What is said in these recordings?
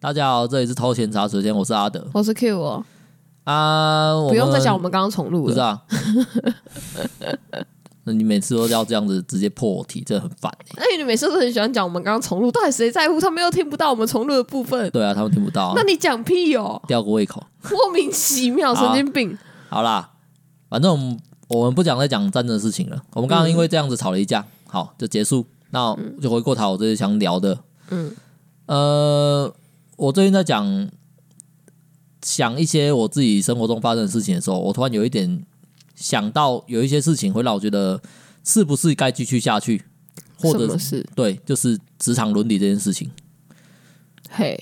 大家好，這裡是偷閒茶時間，我是阿德，我是 Q 哦。啊，我不用再講，我們剛剛重錄，不是啊？那 你每次都要這樣子直接破我題，這很煩、欸。哎，你每次都很喜歡講我們剛剛重錄，到底誰在乎？他們又聽不到我們重錄的部分。對啊，他們聽不到、啊，那你講屁哦？吊個胃口，莫名其妙，神經病好、啊。好啦，反正我們，我們不講再講戰爭的事情了。我們剛剛因為這樣子吵了一架、嗯，好，就結束。那我就回過頭，我這些想聊的，嗯，呃。我最近在講，想一些我自己生活中發生的事情的時候，我突然有一點想到，有一些事情會讓我覺得是不是該繼續下去，或者是對，就是職場倫理這件事情。嘿，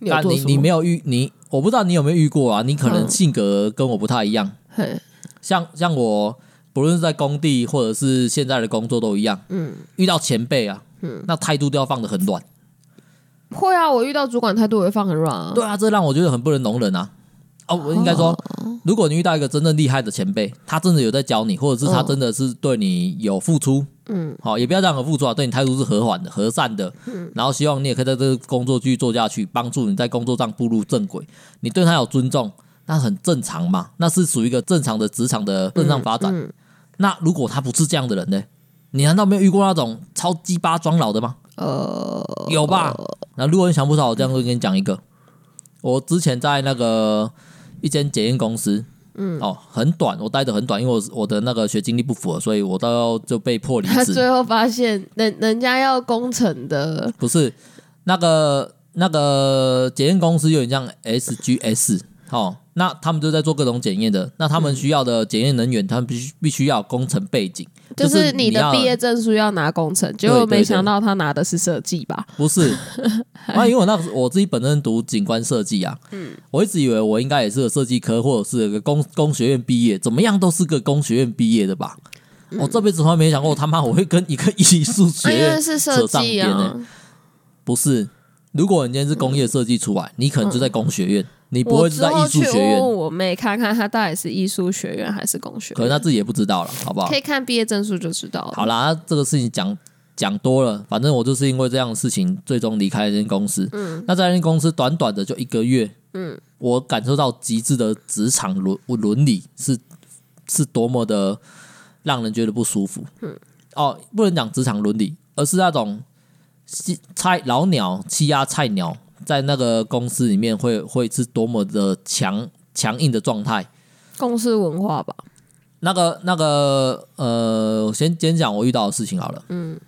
你但你你沒有遇你，我不知道你有沒有遇過啊？你可能性格跟我不太一樣。哼、嗯，像像我，不論是在工地或者是現在的工作都一樣。嗯，遇到前輩啊，嗯，那態度都要放得很軟。會啊，我遇到主管態度我會放很軟啊。對啊，這讓我覺得很不能容忍啊。哦，我應該說、哦，如果你遇到一個真正厲害的前輩，他真的有在教你，或者是他真的是對你有付出，哦、嗯，好、哦，也不要這樣有付出啊，對你態度是和緩的、和善的，嗯，然後希望你也可以在這個工作繼續做下去，幫助你在工作上步入正軌。你對他有尊重，那很正常嘛，那是屬於一個正常的職場的正常發展。嗯嗯、那如果他不是這樣的人呢？你難道沒有遇過那種超機掰裝老的嗎？呃、uh...，有吧？那如果你想不到，我這樣會跟你講一個。我之前在那個一間檢驗公司，嗯，哦，很短，我待的很短，因為我我的那個學經歷不符合，所以我到就被迫離職。最後發現人人家要工程的，不是那個那個檢驗公司有點像 SGS，哦，那他們就在做各種檢驗的，那他們需要的檢驗人員，他們必須必須要工程背景。就是你的畢業證書要拿工程，就是、結果沒想到他拿的是設計吧？ 不是，那、 啊、因為我那我自己本身讀景觀設計啊，嗯，我一直以為我應該也是個設計科，或者是個工工學院畢業，怎麼樣都是個工學院畢業的吧？我、嗯哦、這輩子從來沒想過，他媽我會跟一個藝術學院扯上邊、欸、是設計呢、啊。不是，如果你今天是工業設計出來，嗯、你可能就在工學院。嗯你不會是在藝術學院？我妹，哦、看看他到底是藝術學院還是工學院？可能他自己也不知道了，好不好？可以看畢業證書就知道了。好啦，這個事情講講多了，反正我就是因為這樣的事情，最終離開了那間公司。嗯，那在那間公司短短的就一個月，嗯，我感受到極致的職場倫倫理是是多麼的讓人覺得不舒服。嗯，哦，不能講職場倫理，而是那種西菜老鳥欺壓菜鳥。在那個公司裡面會，會會是多麼的強強硬的狀態？公司文化吧。那個那個呃，我先先講我遇到的事情好了。嗯，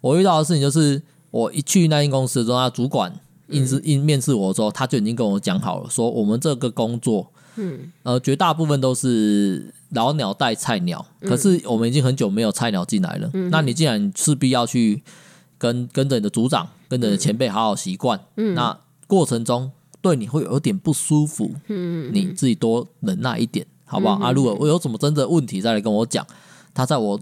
我遇到的事情就是，我一去那間公司的時候，他主管面試面面試我的時候，他就已經跟我講好了，說我們這個工作，嗯，呃，絕大部分都是老鳥帶菜鳥，可是我們已經很久沒有菜鳥進來了。嗯，那你既然勢必要去。跟跟着你的組長，跟着你的前輩好好習慣。嗯，那過程中對你會有點不舒服。嗯，你自己多忍耐一點，嗯、好不好？阿、嗯、路，嗯啊、我有什麼真的問題再來跟我講。他在我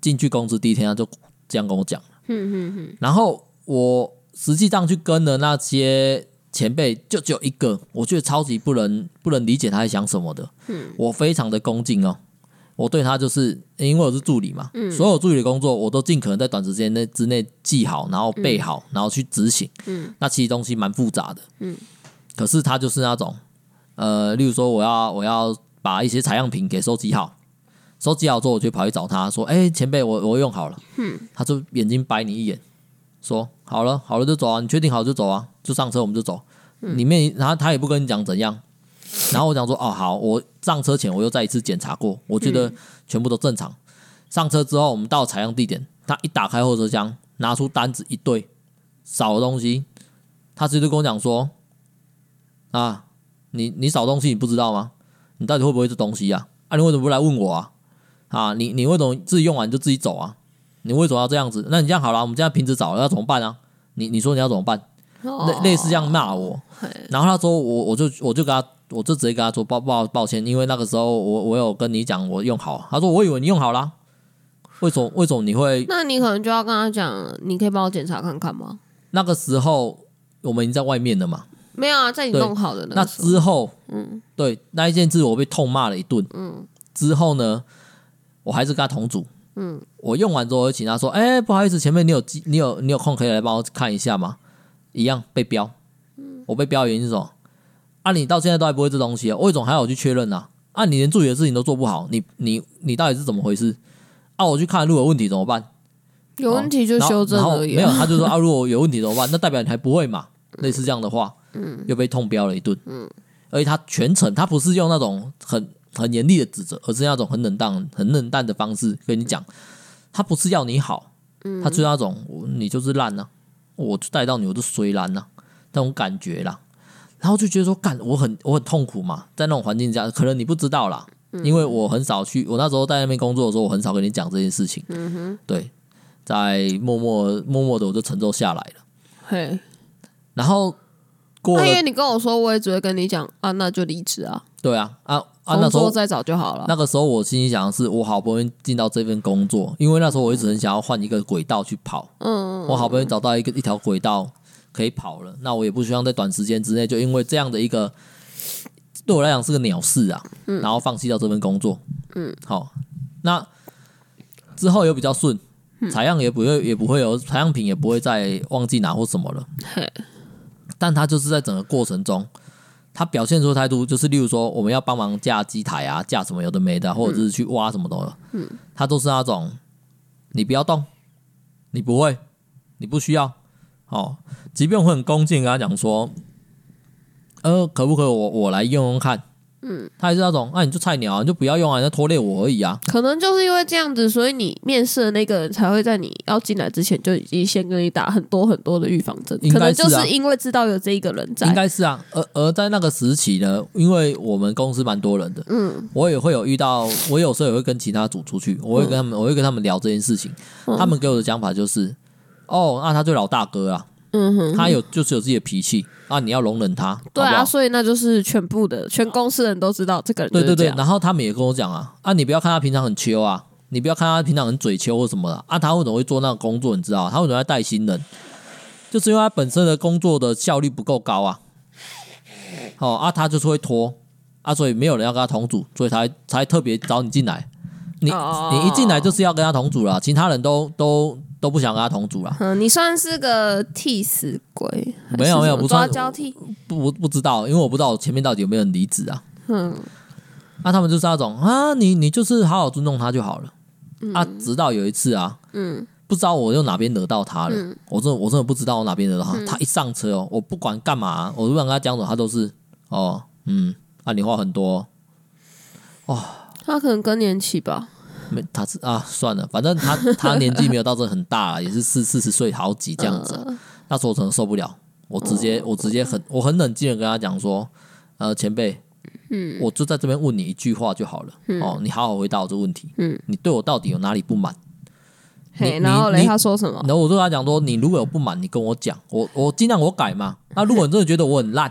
進去公司第一天，他就這樣跟我講。嗯嗯嗯。然後我實際上去跟了那些前輩，就只有一個，我覺得超級不能不能理解他在想什麼的。嗯，我非常的恭敬哦。我對他就是因為我是助理嘛，嗯、所有助理的工作我都盡可能在短時間內之內記好，然後備好、嗯，然後去執行、嗯。那其實東西蠻複雜的、嗯，可是他就是那種，呃，例如說我要我要把一些採樣品給收集好，收集好之後我就跑去找他說：“哎、欸，前輩，我我用好了。嗯”他就眼睛白你一眼，說：“好了好了就走啊，你確定好就走啊，就上車我們就走。嗯”裡面他他也不跟你講怎樣。然後我想說，哦，好，我上車前我又再一次檢查過，我覺得全部都正常。嗯、上車之後，我們到採樣地點，他一打開貨車箱，拿出單子一對，少的東西，他直接跟我講說，啊，你你少東西，你不知道嗎？你到底會不會這東西呀、啊？啊，你為什麼不來問我啊？啊，你你為什麼自己用完就自己走啊？你為什麼要這樣子？那你這樣好了，我們這樣瓶子找，要怎麼辦啊？你你說你要怎麼辦？類、哦、類似這樣罵我，然後他說我我就我就跟他我就直接跟他說抱，抱抱抱歉，因為那個時候我我有跟你講我用好，他說我以為你用好了，為什麼為什麼你會，那你可能就要跟他講，你可以幫我檢查看看嗎？那個時候我們已經在外面了嘛？沒有啊，在你弄好的那，那之後，嗯，對，那一件事我被痛罵了一頓，嗯，之後呢，我還是跟他同組，嗯，我用完之後就請他說，哎，不好意思，前面你有你有你有空可以來幫我看一下嗎？一樣被標，我被標的原因是什麼？啊，你到現在都還不會這東西啊？魏總還要我去確認啊？啊，你連自己的事情都做不好，你你你到底是怎麼回事？啊，我去看路有問題怎麼辦？有問題就修正而已。啊、沒有，他就說啊，如果有問題怎麼辦？那代表你還不會嘛？類似這樣的話， 嗯嗯、又被痛標了一頓。嗯嗯，而且他全程他不是用那種很很嚴厲的指責，而是那種很冷淡，很冷淡的方式跟你講。嗯，他不是要你好，他就那種你就是爛了、啊。我帶到你，我就雖然吶、啊，那種感覺啦，然後就覺得說，幹，我很，我很痛苦嘛，在那種環境下，可能你不知道啦、嗯，因為我很少去，我那時候在那邊工作的時候，我很少跟你講這件事情。嗯哼，對，在默默默默的，我就承受下來了。嘿，然後過，那因為你跟我說，我也只會跟你講啊，那就離職啊。對啊，啊。啊，那時候再找就好了。那個時候我心裡想的是，我好不容易進到這份工作，因為那時候我一直很想要換一個軌道去跑。嗯，嗯，嗯，嗯，我好不容易找到一個一條軌道可以跑了，那我也不希望在短時間之內就因為這樣的一個，對我來講是個鳥事啊，嗯嗯嗯，然後放棄掉這份工作。嗯，好，那之後又比較順，採樣也不會也不會有，採樣品也不會再忘記拿或什麼了。嘿，但它就是在整個過程中。他表現出的態度，就是例如說，我們要幫忙架機台啊，架什麼有的沒的，或者是去挖什麼東西，他都是那種，你不要動，你不會，你不需要，哦，即便我很恭敬跟他講說，呃，可不可以我我來用用看。嗯，他還是那種，那、啊、你就菜鳥，啊，你就不要用啊，你就拖累我而已啊。可能就是因為這樣子，所以你面試的那個人才會在你要進來之前就已經先跟你打很多很多的預防針、啊。可能就是因為知道有這一個人在。應該是啊，而而在那個時期呢，因為我們公司蠻多人的，嗯，我也會有遇到，我有時候也會跟其他組出去，我會跟他們，嗯、我會跟他們聊這件事情，嗯、他們給我的講法就是，哦，那、啊、他就老大哥啊。嗯哼，他有就是有自己的脾氣啊，你要容忍他。對啊，好好，所以那就是全部的全公司人都知道這個人這。對對對，然後他們也跟我講啊，啊，你不要看他平常很 chill 啊，你不要看他平常很嘴秋、啊、或什麼的啊，啊他為什麼會做那個工作？你知道，他為什麼會帶新人？就是因為他本身的工作的效率不夠高啊。哦啊，他就是會拖啊，所以沒有人要跟他同組，所以才才特別找你進來。你、哦、你一進來就是要跟他同組了，其他人都都。都不想跟他同組了。嗯，你算是個替死鬼。沒有沒有，不我不我不知道，因為我不知道我前面到底有沒有人離職啊。嗯，那、啊、他們就是那種啊，你你就是好好尊重他就好了、嗯。啊，直到有一次啊，嗯，不知道我又哪邊惹到他了，嗯，我真我真的不知道我哪邊惹到他、嗯。他一上車哦，我不管幹嘛、啊，我如果跟他講什麼，他都是哦，嗯，啊，你話很多哦。哦。他可能更年期吧。沒，他是啊，算了，反正他他年紀沒有到這很大， 也是四四十歲好幾這樣子。呃、那時候我真的受不了，我直接，哦、我直接很我很冷靜的跟他講說，呃，前輩，嗯，我就在這邊問你一句話就好了，嗯，哦，你好好回答我這個問題，嗯，你對我到底有哪裡不滿？你然後嘞，他說什麼？然後我就跟他講說，你如果有不滿，你跟我講，我我盡量我改嘛。那如果你真的覺得我很爛，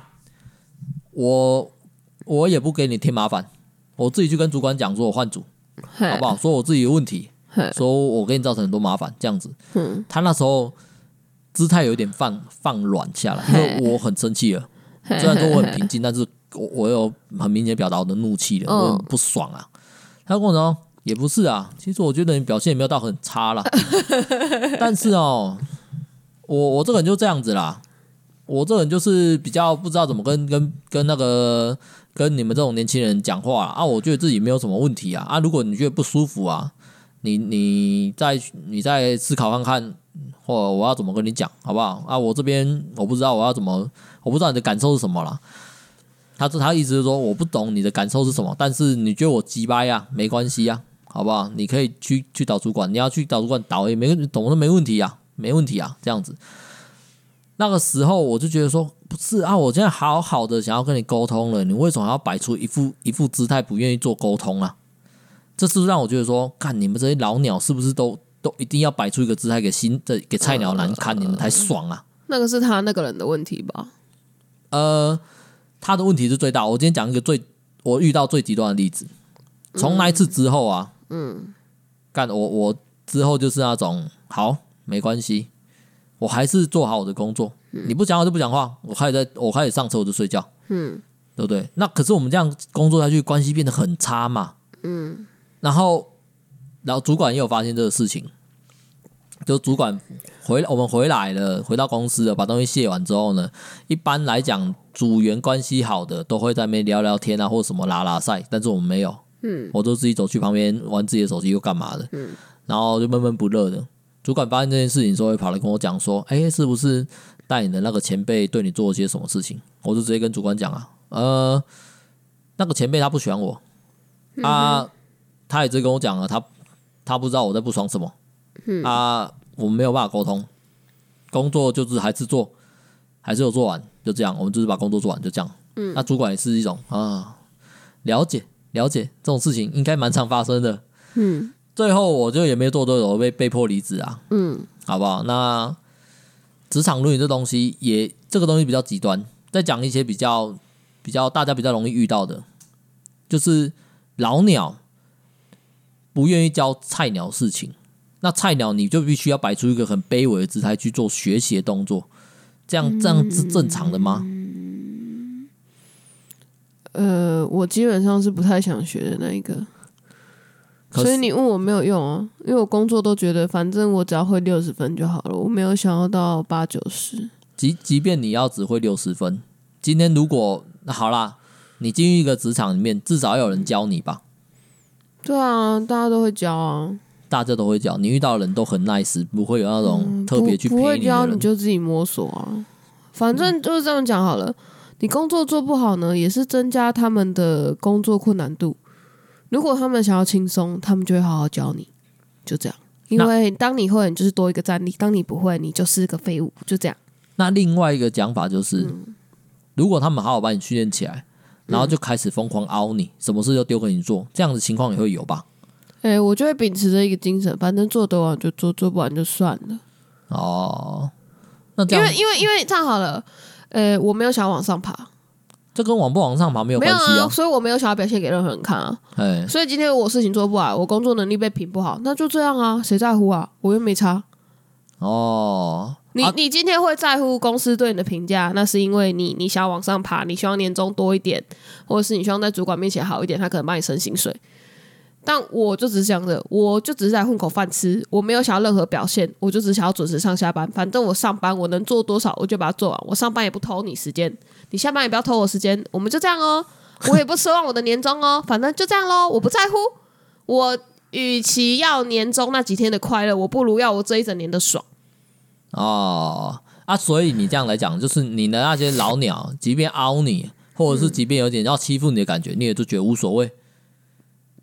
我我也不給你添麻煩，我自己去跟主管講，說我換主。好不好？說我自己有問題，說我給你造成很多麻煩，這樣子。他那時候姿態有點放放軟下來，因為我很生氣了。雖然說我很平靜，但是我我有很明顯表達我的怒氣了，我很不爽啊。他跟我說：“也不是啊，其實我覺得你表現也沒有到很差啦。 ”但是哦，我我這個人就這樣子啦，我這個人就是比較不知道怎麼跟跟跟那個。跟你們這種年輕人講話啊，啊，我覺得自己沒有什麼問題啊啊！如果你覺得不舒服啊，你你再你再思考看看，或我要怎麼跟你講，好不好啊？我這邊，我不知道我要怎麼，我不知道你的感受是什麼了。他他意思是說，我不懂你的感受是什麼，但是你覺得我雞掰呀，沒關係呀、啊，好不好？你可以去去找主管，你要去找主管倒也沒，懂，總是沒問題呀、啊，沒問題呀、啊，這樣子。那個時候我就覺得說不是啊，我現在好好的想要跟你溝通了，你為什麼要擺出一副一副姿態，不願意做溝通啊？這是讓我覺得說，看你們這些老鳥是不是都都一定要擺出一個姿態給新的，給菜鳥難看，呃，你們才爽啊？那個是他那個人的問題吧？呃，他的問題是最大。我今天講一個最我遇到最極端的例子，從那一次之後啊，嗯，幹、嗯、我我之後就是那種好，沒關係。我還是做好我的工作，嗯，你不講話就不講話。我開始在我開始上車，我就睡覺，嗯，對不對？那可是我們這樣工作下去，關係變得很差嘛，嗯。然後，然後主管也有發現這個事情，就主管回我們回來了，回到公司了，把東西卸完之後呢，一般來講，組員關係好的都會在那邊聊聊天啊，或什麼拉拉賽，但是我們沒有，嗯，我都自己走去旁邊玩自己的手機，又幹嘛的，嗯，然後就悶悶不樂的。主管發現這件事情之後，跑來跟我講說：“誒、欸，是不是帶你的那個前輩對你做了些什麼事情？”我就直接跟主管講啊：“呃，那個前輩他不喜歡我，嗯啊、他他也直接跟我講了、啊，他他不知道我在不爽什麼，嗯、啊，我們沒有辦法溝通，工作就是還是做，還是有做完，就這樣，我們就是把工作做完，就這樣。嗯，那主管也是一種啊，了解了解，這種事情應該蠻常發生的。嗯。”最後我就也沒做多久，我被被迫離職啊。嗯，好不好？那職場倫理這東西也，這個東西比較極端。再講一些比較比較大家比較容易遇到的，就是老鳥不願意教菜鳥事情，那菜鳥你就必須要擺出一個很卑微的姿態去做學習的動作，這樣這樣是正常的嗎？嗯，呃，我基本上是不太想學的那一個。所以你問我沒有用啊，因為我工作都覺得，反正我只要會六十分就好了，我沒有想要到八九十。即即便你要只會六十分，今天如果那好啦，你進入一個職場裡面，至少要有人教你吧？對啊，大家都會教啊。大家都會教，你遇到的人都很 nice，不會有那種特別去、嗯、不，不會教，你就自己摸索啊。反正就是這樣講好了、嗯，你工作做不好呢，也是增加他們的工作困難度。如果他們想要輕鬆，他們就會好好教你，就這樣。因為當你會，你就是多一個戰力；當你不會，你就是個廢物。就這樣。那另外一個講法就是、嗯，如果他們好好把你訓練起來，然後就開始瘋狂凹你，嗯、什麼事都丟給你做，這樣的情況也會有吧？哎、欸，我就會秉持着一個精神，反正做得完就做，做不完就算了。哦，那這樣，因為因為因為這樣好了，呃、欸，我沒有想要往上爬。這跟往不往上爬沒有關係哦、啊啊，所以我沒有想要表現給任何人看啊。所以今天我事情做不好，我工作能力被評不好，那就這樣啊，誰在乎啊？我又沒差。哦，你、啊、你今天會在乎公司對你的評價，那是因為你你想往上爬，你希望年終多一點，或者是你希望在主管面前好一點，他可能幫你升薪水。但我就只是這樣，我就只是在混口飯吃，我沒有想要任何表現，我就只是想要準時上下班。反正我上班，我能做多少我就把它做完，我上班也不偷你時間，你下班也不要偷我時間，我們就這樣哦、喔。我也不奢望我的年終哦、喔， 反正就這樣咯。我不在乎。我與其要年終那幾天的快樂，我不如要我這一整年的爽。哦，啊，所以你這樣來講，就是你的那些老鳥， 即便凹你，或者是即便有點要欺負你的感覺，你也就覺得無所謂。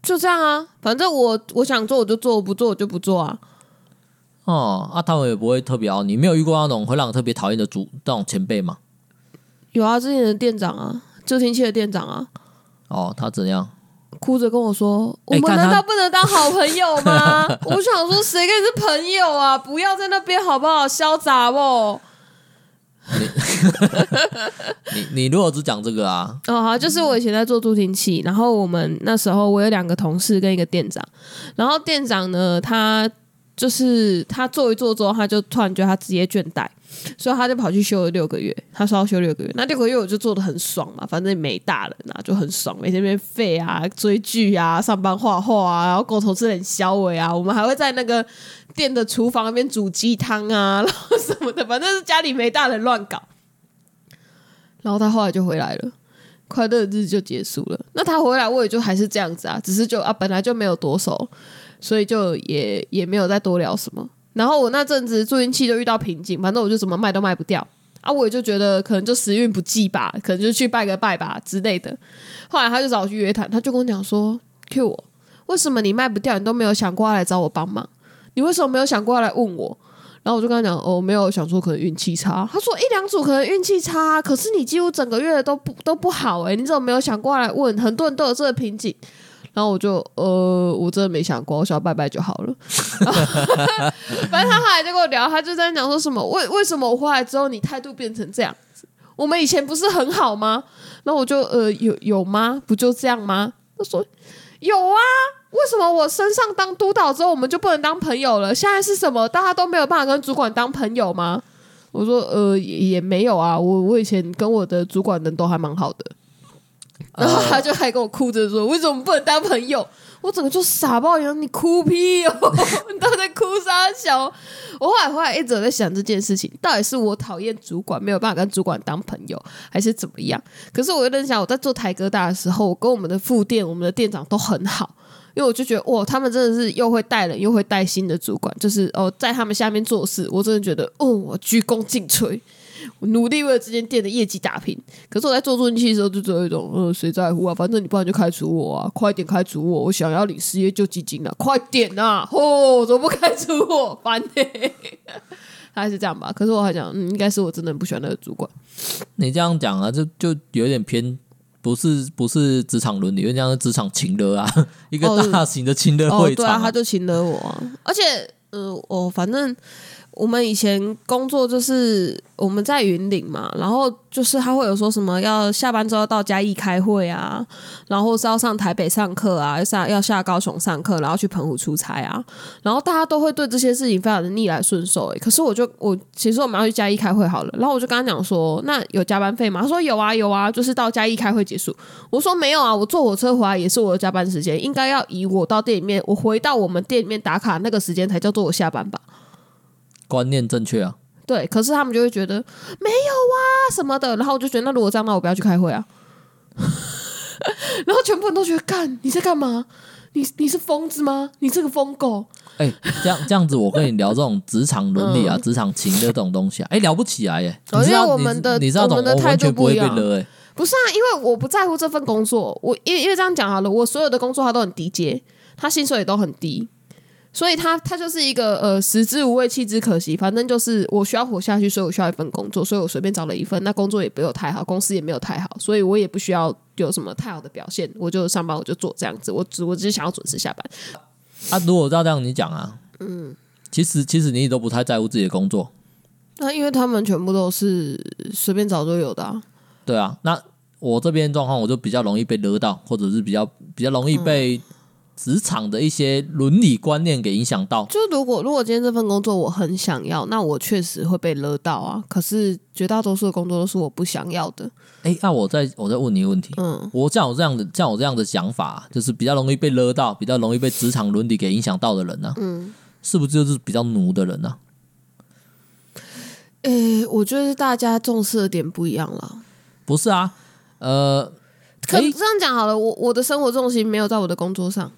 就這樣啊，反正我我想做我就做，我不做我就不做啊。哦，阿、啊、湯也不會特別哦。你，沒有遇過那種會讓我特別討厭的主這種前輩嗎？有啊，之前的店長啊，助聽器的店長啊。哦，他怎樣？哭着跟我說、欸：“我們難道不能當好朋友嗎？”欸、 我想說，誰跟你是朋友啊？不要在那邊好不好，瀟灑哦。」 你，你你如果只講這個啊，哦、oh, 好、啊，就是我以前在做助聽器，然後我們那時候我有兩個同事跟一個店長，然後店長呢，他就是他做一做之後，他就突然覺得他職業倦怠。所以他就跑去休了六個月，他說要休六個月。那六個月我就做得很爽嘛，反正也沒大人啊，就很爽，每天那邊廢啊、追劇啊、上班、畫畫啊，然後過頭吃點宵夜啊。我們還會在那個店的廚房那邊煮雞湯啊，然後什麼的，反正是家裡沒大人亂搞。然後他後來就回來了，快樂的日子就結束了。那他回來我也就還是這樣子啊，只是就啊本來就沒有多熟，所以就也也沒有再多聊什麼。然後我那陣子助運器就遇到瓶頸，反正我就怎麼賣都賣不掉啊，我也就覺得可能就時運不濟吧，可能就去拜個拜吧之類的。後來他就找我去約談，他就跟我講說：“Q 我，為什麼你賣不掉？你都沒有想過要來找我幫忙，你為什麼沒有想過要來問我？”然後我就跟他講：“哦，我沒有想說可能運氣差。”他說：“一兩組可能運氣差，可是你幾乎整個月都不都不好哎、欸，你怎麼沒有想過來問？很多人都有這個瓶頸。”然後我就呃，我真的沒想過，我想要拜拜就好了。 反正他後來就跟我聊，他就在講說什麼為為什麼我回來之後你態度變成這樣子？我們以前不是很好嗎？然後我就呃，有有嗎？不就這樣嗎？他說有啊，為什麼我身上當督導之後我們就不能當朋友了？現在是什麼？大家都沒有辦法跟主管當朋友嗎？我說呃也，也沒有啊，我我以前跟我的主管人都還蠻好的。然後他就還跟我哭着說：“ uh, 為什麼不能當朋友？我怎麼就傻爆眼？你哭屁哦！ 你都在哭啥小。”我後來後來一直在想這件事情，到底是我討厭主管沒有辦法跟主管當朋友，還是怎麼樣？可是我有點想，我在做台哥大的時候，我跟我們的副店、我們的店長都很好，因為我就覺得哇，他們真的是又會帶人又會帶心的主管，就是哦，在他們下面做事，我真的覺得哦，我鞠躬盡瘁。我努力為了這間店的業績打拼，可是我在做助孕器的時候就只有一種，嗯、呃，誰在乎啊？反正你不然就開除我啊！快點開除我，我想要領失業救濟金啊，快點啊！吼，怎麼不開除我？煩、欸！還是這樣吧。可是我還想，嗯，應該是我真的不喜歡那個主管。你這樣講啊，就就有點偏，不是不是職場倫理，應該是職場情勒啊，一個大型的情勒會場哦，哦，對啊，他就情勒我，啊， 而且，嗯、呃，我反正。我們以前工作就是我們在雲林嘛，然後就是他會有說什麼要下班之後到嘉義開會啊，然後是要上台北上課啊，要下要下高雄上課，然後去澎湖出差啊，然後大家都會對這些事情非常的逆來順受。可是我就我其實我們要去嘉義開會好了，然後我就跟他講說，那有加班費嗎？他說有啊有啊，就是到嘉義開會結束。我說沒有啊，我坐火車回來也是我的加班時間，應該要以我到店裡面，我回到我們店裡面打卡那個時間才叫做我下班吧。觀念正確啊，對，可是他們就會覺得沒有啊什麼的，然後我就覺得那如果這樣，那我不要去開會啊。 然後全部人都覺得，幹你在幹嘛？你你是瘋子嗎？你這個瘋狗！誒、欸，這樣這樣子，我跟你聊這種職場倫理啊、職、嗯、場情的這種東西啊，哎、欸，聊不起來耶，欸。而且我們的，你知道，你你知道、欸、我們的態度不一樣，哎，不是啊，因為我不在乎這份工作，我因為因為這樣講好了，我所有的工作他都很低階，他薪水也都很低。所以，他他就是一個呃，食之無味，棄之可惜。反正就是我需要活下去，所以我需要一份工作，所以我隨便找了一份。那工作也沒有太好，公司也沒有太好，所以我也不需要有什麼太好的表現。我就上班，我就做這樣子。我只我只想要準時下班。啊，如果照這樣你講啊，嗯，其實其實你也都不太在乎自己的工作。那因為他們全部都是隨便找都有的啊。對啊，那我這邊狀況我就比較容易被惹到，或者是比較比較容易被，嗯，職場的一些倫理觀念給影響到，就是如果如果今天這份工作我很想要，那我確實會被勒到啊。可是絕大多數的工作都是我不想要的。哎、欸，那我再我再問你一個問題，嗯，我像我這樣的像我這樣的想法、啊，就是比較容易被勒到，比較容易被職場倫理給影響到的人呢、啊，嗯，是不是就是比較奴的人呢、啊？哎、欸，我覺得大家重視的點不一樣了，不是啊，呃，可以、欸、這樣講好了，我我的生活重心沒有在我的工作上。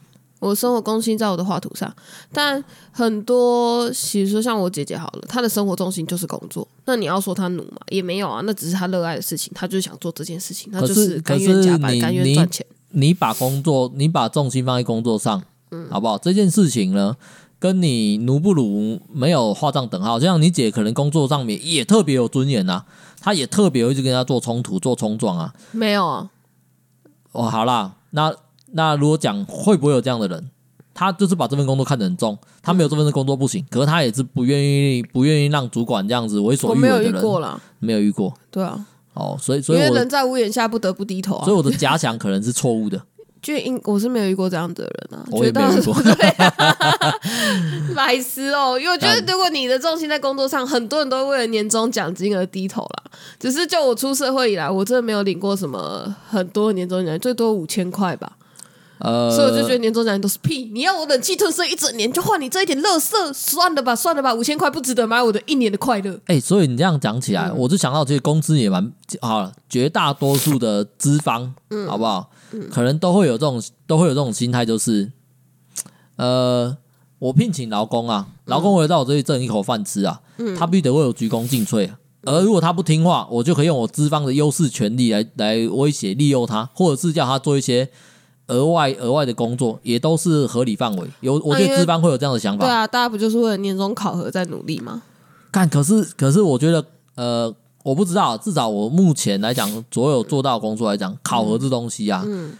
我生活重心在我的畫圖上，但很多，其實像我姐姐好了，她的生活重心就是工作。那你要說她努嘛，也沒有啊，那只是她熱愛的事情，她就是想做這件事情，那就是甘願加班、甘願賺錢你你。你把工作，你把重心放在工作上，嗯，好不好？這件事情呢，跟你努不努沒有畫上等號。就像你姐可能工作上面也特別有尊嚴啊，她也特別會去跟她做衝突、做衝撞啊，沒有啊。哦，好啦，那。那如果講會不會有這樣的人，他就是把這份工作看得很重，他沒有這份的工作不行。可是他也是不願意不願意讓主管這樣子為所欲為的人。我沒有遇過啦，沒有遇過，對啊，哦，所以所以因為人在屋檐下不得不低頭啊。所以我的假想可能是錯誤的， 就因我是沒有遇過這樣的人啊。我也沒有遇過覺得對，白 思哦，因為我覺得如果你的重心在工作上，很多人都為了年終獎金而低頭啦。只是就我出社會以來，我真的沒有領過什麼很多年終獎金，最多五千塊吧。呃、所以我就覺得年終獎都是屁，你要我忍氣吞聲一整年，就換你這一點樂色，算了吧，算了吧，五千塊不值得買我的一年的快樂。哎、欸，所以你這樣講起來，嗯、我就想到這些工資也蠻好了，絕大多數的資方，嗯、好不好、嗯？可能都會有這種都會有這種心態，就是，呃，我聘請勞工啊，勞工我也在我這裡掙一口飯吃啊，嗯、他必須得為我有鞠躬盡瘁、嗯，而如果他不聽話，我就可以用我資方的優勢權利來來威脅、利誘他，或者是叫他做一些。額外額外的工作也都是合理範圍，有我覺得資方會有這樣的想法、啊。對啊，大家不就是為了年終考核在努力嗎？看，可是可是，我覺得呃，我不知道，至少我目前來講，所有做到的工作來講、嗯，考核這東西啊，嗯，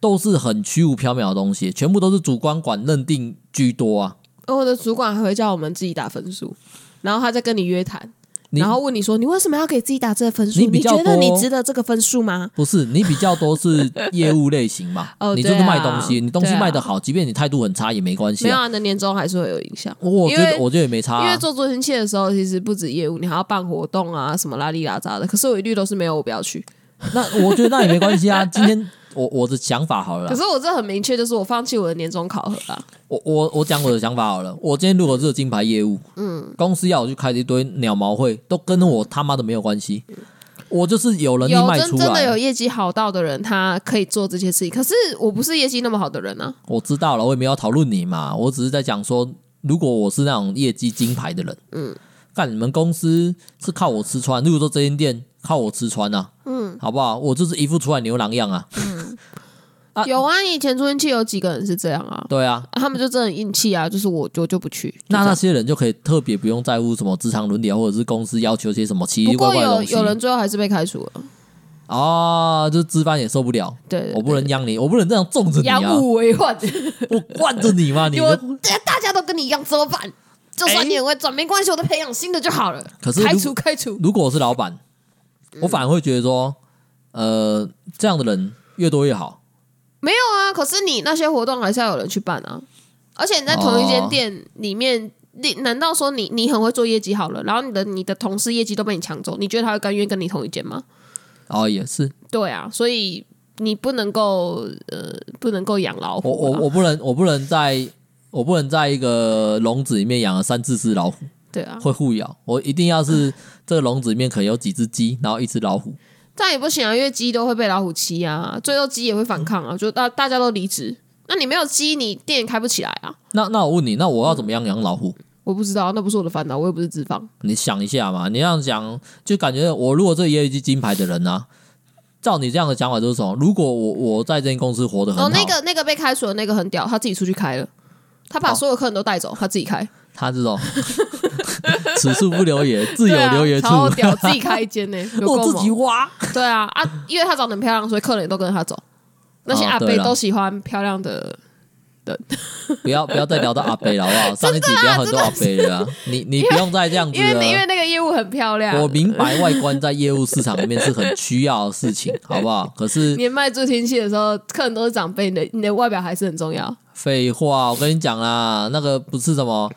都是很虛無縹緲的東西，全部都是主觀管，管認定居多啊。而我的主管還會叫我們自己打分數，然後他再跟你約談。然後問你說：“你為什麼要給自己打這個分數？你覺得你值得這個分數嗎？”不是，你比較多是業務類型嘛？ 哦、你就是賣東西，啊、你東西賣得好、啊，即便你態度很差也沒關係啊，啊。那年終還是會有影響，我覺得我覺得也沒差、啊。因為做助親器的時候，其實不止業務，你還要辦活動啊，什麼拉里拉雜的。可是我一律都是沒有，我不要去。 那我覺得那也沒關係啊， 今天。我我的想法好了，可是我這很明確，就是我放棄我的年終考核了。我我我講我的想法好了，我今天如果是有金牌業務，嗯，公司要我去開一堆鳥毛會，都跟我他媽的沒有關係，嗯。我就是有能力賣出來。真的有業績好到的人，他可以做這些事情。可是我不是業績那麼好的人啊。我知道了，我也沒有要討論你嘛，我只是在講說，如果我是那種業績金牌的人，嗯，幹你們公司是靠我吃穿。如果說這間店。靠我吃穿啊，嗯，好不好？我就是一副出來牛郎樣啊，嗯，有 啊，有以前出進器有幾個人是這樣啊，對啊，他們就真的硬氣啊，就是我就我就不去就，那那些人就可以特別不用在乎什麼職場倫理啊，或者是公司要求些什麼奇奇怪怪的東西。有，有人最後還是被開除了啊，就是資方也受不了，對，對，對，我不能養你，我不能這樣縱着你養、啊、虎為患， 我慣着你嘛，你有大家都跟你一樣怎麼辦，就算你也會轉、欸、沒關係，我都培養新的就好了。可是開除開除，開除，如果我是老板。嗯、我反而會覺得說，呃，這樣的人越多越好。沒有啊，可是你那些活動還是要有人去辦啊。而且你在同一間店裡面，你、哦、難道說你你很會做業績好了，然後你的你的同事業績都被你搶走，你覺得他會甘願跟你同一間嗎？哦，也是。對啊，所以你不能夠呃，不能夠養老虎、啊。我我我不能，我不能在，我不能在一個籠子裡面養了三四隻老虎。對啊，會互咬。我一定要是這籠子裡面可能有幾隻雞、嗯，然後一隻老虎，這樣也不行啊，因為雞都會被老虎欺啊，最後雞也會反抗啊，嗯、就大大家都離職，那你沒有雞，你店也開不起來啊。那那我問你，那我要怎麼樣養老虎、嗯？我不知道，那不是我的煩惱，我又不是資方。你想一下嘛，你要講就感覺我如果這也有一隻金牌的人啊，照你這樣的想法就是什麼？如果我我在這間公司活得很好，哦、那個那個被開除的那個很屌，他自己出去開了，他把他所有客人都帶走、哦，他自己開。他這種 此處不留爺，自有留爺處。好、啊、屌自己開一間呢、欸，我、哦、自己挖。對啊啊，因為他長得很漂亮，所以客人也都跟着他走。那些阿伯都喜歡漂亮的，哦、對對對不要不要再聊到阿伯了好不好？ 上一集聊很多阿伯了，的啊、的你你不用再這樣子了因。因為那個業務很漂亮，我明白外觀在業務市場裡面是很需要的事情， 好不好？可是你賣助聽器的時候，客人都是長輩，你的你的外表還是很重要。廢話，我跟你講啦，那個不是什麼。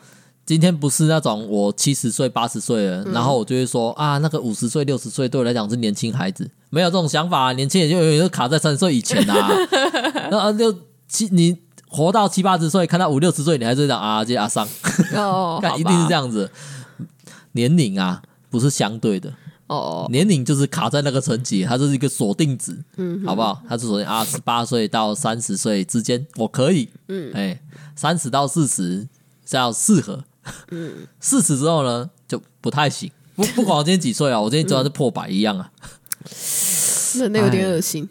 今天不是那種我七十歲八十歲了、嗯，然後我就會說啊，那個五十歲六十歲對我來講是年輕孩子，沒有這種想法、啊。年輕人就永遠都卡在三十歲以前啦、啊，然 後、啊、六七你活到七八十歲，看到五六十歲，你還是會講啊，這阿桑，上 哦，一定是這樣子。年齡啊，不是相對的哦，年齡就是卡在那個層級，它就是一個鎖定值，嗯，好不好？它是鎖定二十八歲到三十歲之間，我可以，嗯，哎，三十到四十是要適合。嗯，四十之後呢，就不太行。不不管我今天幾歲啊，我今天主要是破百一樣啊，嗯、那有點噁心。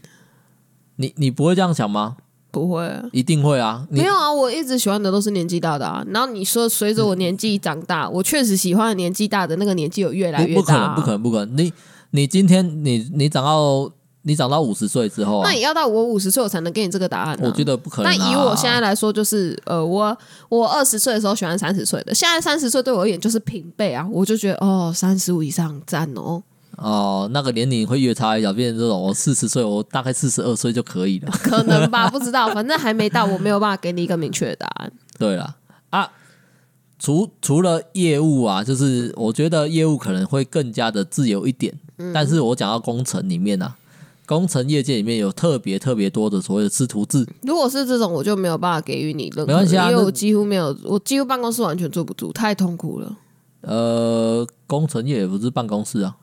你你不會這樣想嗎？不會、啊，一定會啊。沒有啊，我一直喜歡的都是年紀大的啊。然後你說隨着我年紀長大，嗯、我確實喜歡年紀大的那個年紀有越來越大、啊不。不可能，不可能，不可能。你你今天你你長到。你長到五十歲之後、啊，那也要到我五十歲我才能給你這個答案、啊。我覺得不可能、啊。那以我現在來說，就是呃，我我二十歲的時候喜歡三十歲的，現在三十歲對我而言就是平輩啊，我就覺得哦，三十五以上讚哦。哦，那個年齡會越差越小，變成這種我四十歲，我大概四十二歲就可以了。 可能吧，不知道，反正還沒到，我沒有辦法給你一個明確的答案。對了啊，除除了業務啊，就是我覺得業務可能會更加的自由一點，嗯、但是我講到工程裡面呢、啊。工程業界裡面有特別特別多的所謂的師徒制。如果是這種，我就沒有辦法給予你。沒關係啊，因為我幾乎沒有，我幾乎辦公室完全坐不住，太痛苦了。呃，工程業也不是辦公室啊。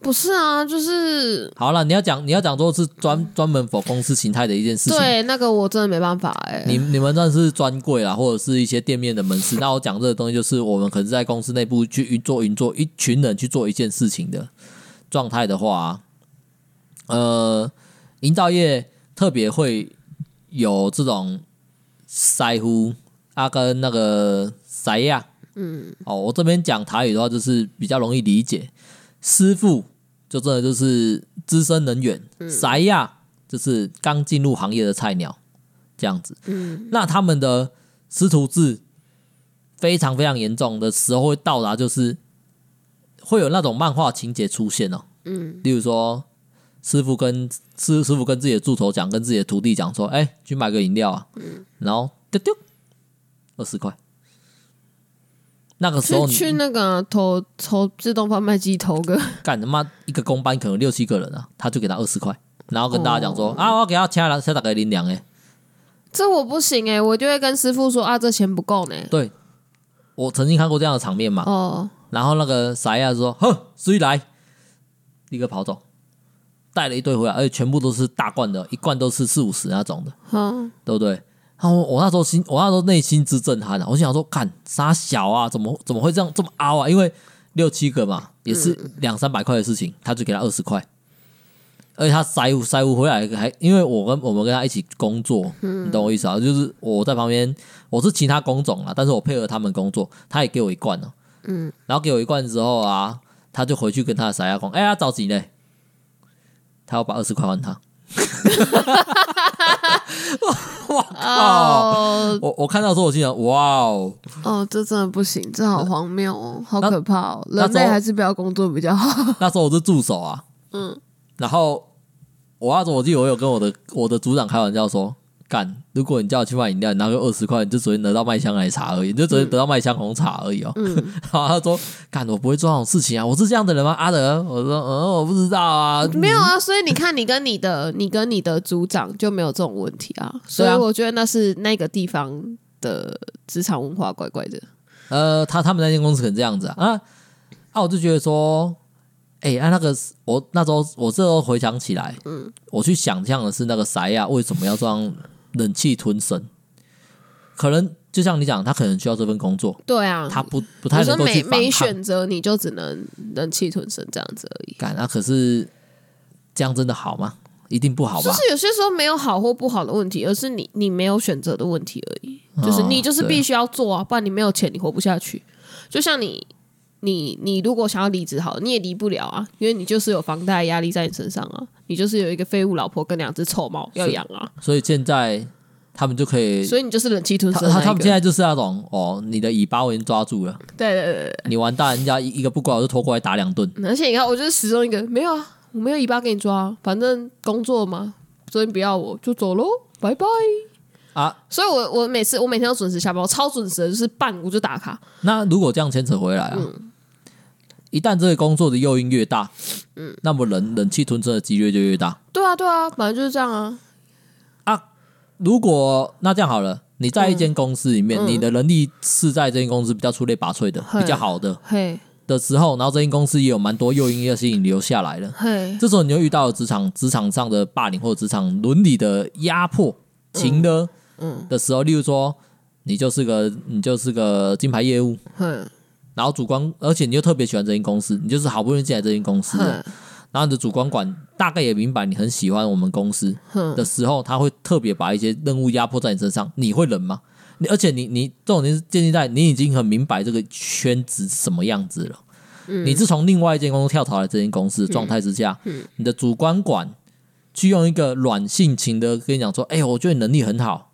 不是啊，就是好了，你要講你要講說是專專門 for 公司形態的一件事情。對，那個我真的沒辦法哎、欸。你你們算是專櫃啦，或者是一些店面的門市。 那我講這個東西，就是我們可能在公司內部去運作，運作一群人去做一件事情的狀態的話、啊。呃，營造業特別會有這種師呼，啊，跟那個師亞嗯，哦，我這邊講台語的話，就是比較容易理解。師傅就真的就是資深人員，嗯，師亞就是剛進入行業的菜鳥，這樣子。嗯，那他們的師徒制非常非常嚴重的時候，會到達就是會有那種漫畫情節出現哦。嗯，例如說。師傅跟師師傅跟自己的助手講，跟自己的徒弟講說：“哎、欸，去買個飲料啊。”嗯，然後丟丟二十塊。那個時候你去那個、啊、投投自動販賣機投個，幹他媽一個工班可能六七個人啊，他就給他二十塊，然後跟大家講說、哦：“啊，我給他切了切，打給林良。”哎，這我不行哎、欸，我就會跟師傅說：“啊，這錢不夠呢。”對，我曾經看過這樣的場面嘛。哦，然後那個傻丫子說：“哼，誰來！”立刻跑走。帶了一堆回來，而且全部都是大罐的，一罐都是四五十那種的，嗯、huh?，對不對？然後我,我那時候心，我那時候內心之震撼的、啊，我想說，看啥小啊？怎麼怎麼會這樣這麼凹啊？因為六七個嘛，也是兩三百塊的事情，嗯、他就給他二十塊，而且他塞烏塞烏回來還，因為我跟我們跟他一起工作、嗯，你懂我意思啊？就是我在旁邊，我是其他工種啊，但是我配合他們工作，他也給我一罐哦、啊，嗯，然後給我一罐之後啊，他就回去跟他的小烏講，哎，他着急呢。他要把二十塊還他。 哇靠，我哦，我我看到之後就想，哇、wow、哦！哦、oh，這真的不行，這好荒謬哦，好可怕哦！人類還是不要工作比較好那。那時候我是助手啊， 嗯，然後我那時候我記得我有跟我的我的組長開玩笑說。幹！如果你叫我去買飲料，你拿個二十塊，你就只能得到麥香奶茶而已，你就只能得到麥香紅茶而已哦。好、嗯， 他說：“幹，我不會做這種事情啊，我是這樣的人嗎？”阿、啊、德，我說：“呃、嗯，我不知道啊，沒有啊。”所以你看，你跟你的，你跟你的組長就沒有這種問題啊。 啊所以我覺得那是那個地方的職場文化怪怪的。呃，他他們那間公司可能這樣子啊。啊，啊我就覺得說，哎、欸，啊、那個，那個我那時候我這時候回想起來，嗯，我去想象的是那個誰啊，為什麼要裝。 忍氣吞聲，可能就像你講，他可能需要這份工作。對啊，他不不太能夠去反抗。沒選擇，你就只能忍氣吞聲這樣子而已。幹啊！可是這樣真的好嗎？一定不好嗎？就是有些時候沒有好或不好的問題，而是你你沒有選擇的問題而已。就是你就是必須要做啊，哦，不然你沒有錢，你活不下去。就像你。你你如果想要離職好，你也離不了啊，因為你就是有房貸壓力在你身上啊，你就是有一個廢物老婆跟兩隻臭貓要養啊。所以現在他們就可以，所以你就是忍氣吞聲。他他他們現在就是那種哦，你的尾巴我已經抓住了，對對對，對，你完蛋，人家一個不乖我就拖過來打兩頓。而且你看，我就是其中一個，沒有啊，我沒有尾巴給你抓啊，反正工作嘛，所以你不要我就走嘍，拜拜。啊，所以我，我我每次我每天都準時下班，我超準時的，就是半我就打卡。那如果這樣牽扯回來啊、嗯，一旦這個工作的誘因越大，嗯、那麼忍忍氣吞聲的幾率就越大。對、嗯、啊，對啊，本來就是這樣啊。啊，如果那這樣好了，你在一間公司裡面，嗯嗯、你的能力是在這間公司比較出類拔萃的，比較好的，嘿，的時候，然後這間公司也有蠻多誘因，要吸引你留下來了，嘿。這時候你又遇到職場職場上的霸凌，或者職場倫理的壓迫情呢，情、嗯、的。嗯嗯、的時候，例如說，你就是個你就是個金牌業務，嗯、然後主管，而且你又特別喜歡這間公司，你就是好不容易進來這間公司、嗯，然後你的主管大概也明白你很喜歡我們公司，嗯、的時候，他會特別把一些任務壓迫在你身上，你會忍嗎？你而且你你這種你是建立在你已經很明白這個圈子什麼樣子了，嗯，你是從另外一間公司跳槽來這間公司的狀態之下，嗯，嗯，你的主管去用一個軟性情的跟你講說，哎、欸，我覺得你能力很好。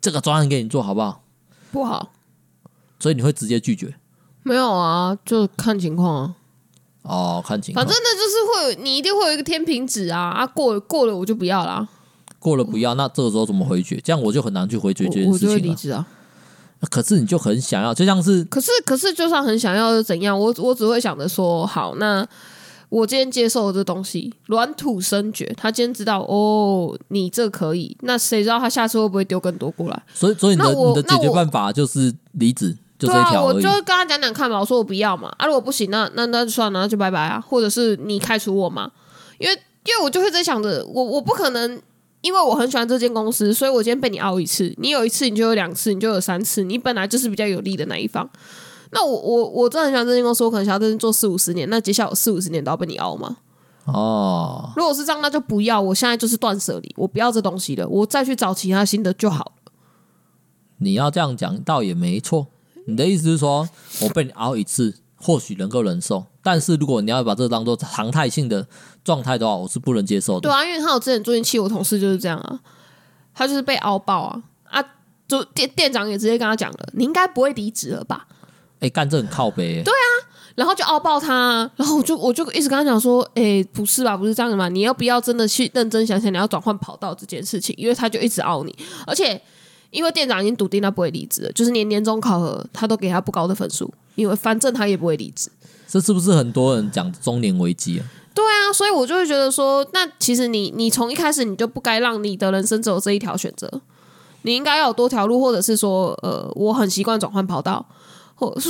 這個專案給你做好不好？不好，所以你會直接拒絕？沒有啊，就看情況啊。哦，看情況，反正那就是會，你一定會有一個天平指啊啊，過過了我就不要啦。過了不要，那這個時候怎麼回絕？這樣我就很難去回絕這件事情了。啊、可是你就很想要，就像是，可是可是，就算很想要又怎樣，我我只會想着說，好那。我今天接受了這東西，軟土深掘。他今天知道哦，你這可以，那誰知道他下次會不會丟更多過來？所以，所以你的，那我你的解決辦法就是離職，就這一條而已，對啊，我就跟他講講看嘛，我說我不要嘛。啊，如果不行，那那那就算了，那就拜拜啊。或者是你開除我嘛？因為，因為我就會在想着，我我不可能，因為我很喜歡這間公司，所以我今天被你拗一次，你有一次，你就有兩次，你就有三次，你本來就是比較有利的那一方。那我我我真的很想這家公司，我可能想要真的做四五十年。那接下來有四五十年都要被你熬嗎？哦，如果是這樣，那就不要。我現在就是斷舍離，我不要這東西了，我再去找其他新的就好了。你要這樣講，倒也沒錯。你的意思是說，我被你熬一次， 或許能夠忍受。但是如果你要把這當做常態性的狀態的話，我是不能接受的。對啊，因為他有我之前最近氣我同事就是這樣啊，他就是被熬爆啊啊！就店店長也直接跟他講了，你應該不會離職了吧？哎、欸，幹這很靠北、欸。對啊，然後就拗爆他，然後我就我就一直跟他講說，哎、欸，不是吧，不是這樣的嘛，你要不要真的去認真想想你要轉換跑道這件事情？因為他就一直拗你，而且因為店長已經篤定他不會離職，就是年年終考核他都給他不高的分數，因為反正他也不會離職。這是不是很多人講中年危機啊？對啊，所以我就會覺得說，那其實你你從一開始你就不該讓你的人生只有這一條選擇，你應該要有多條路，或者是說，呃，我很習慣轉換跑道。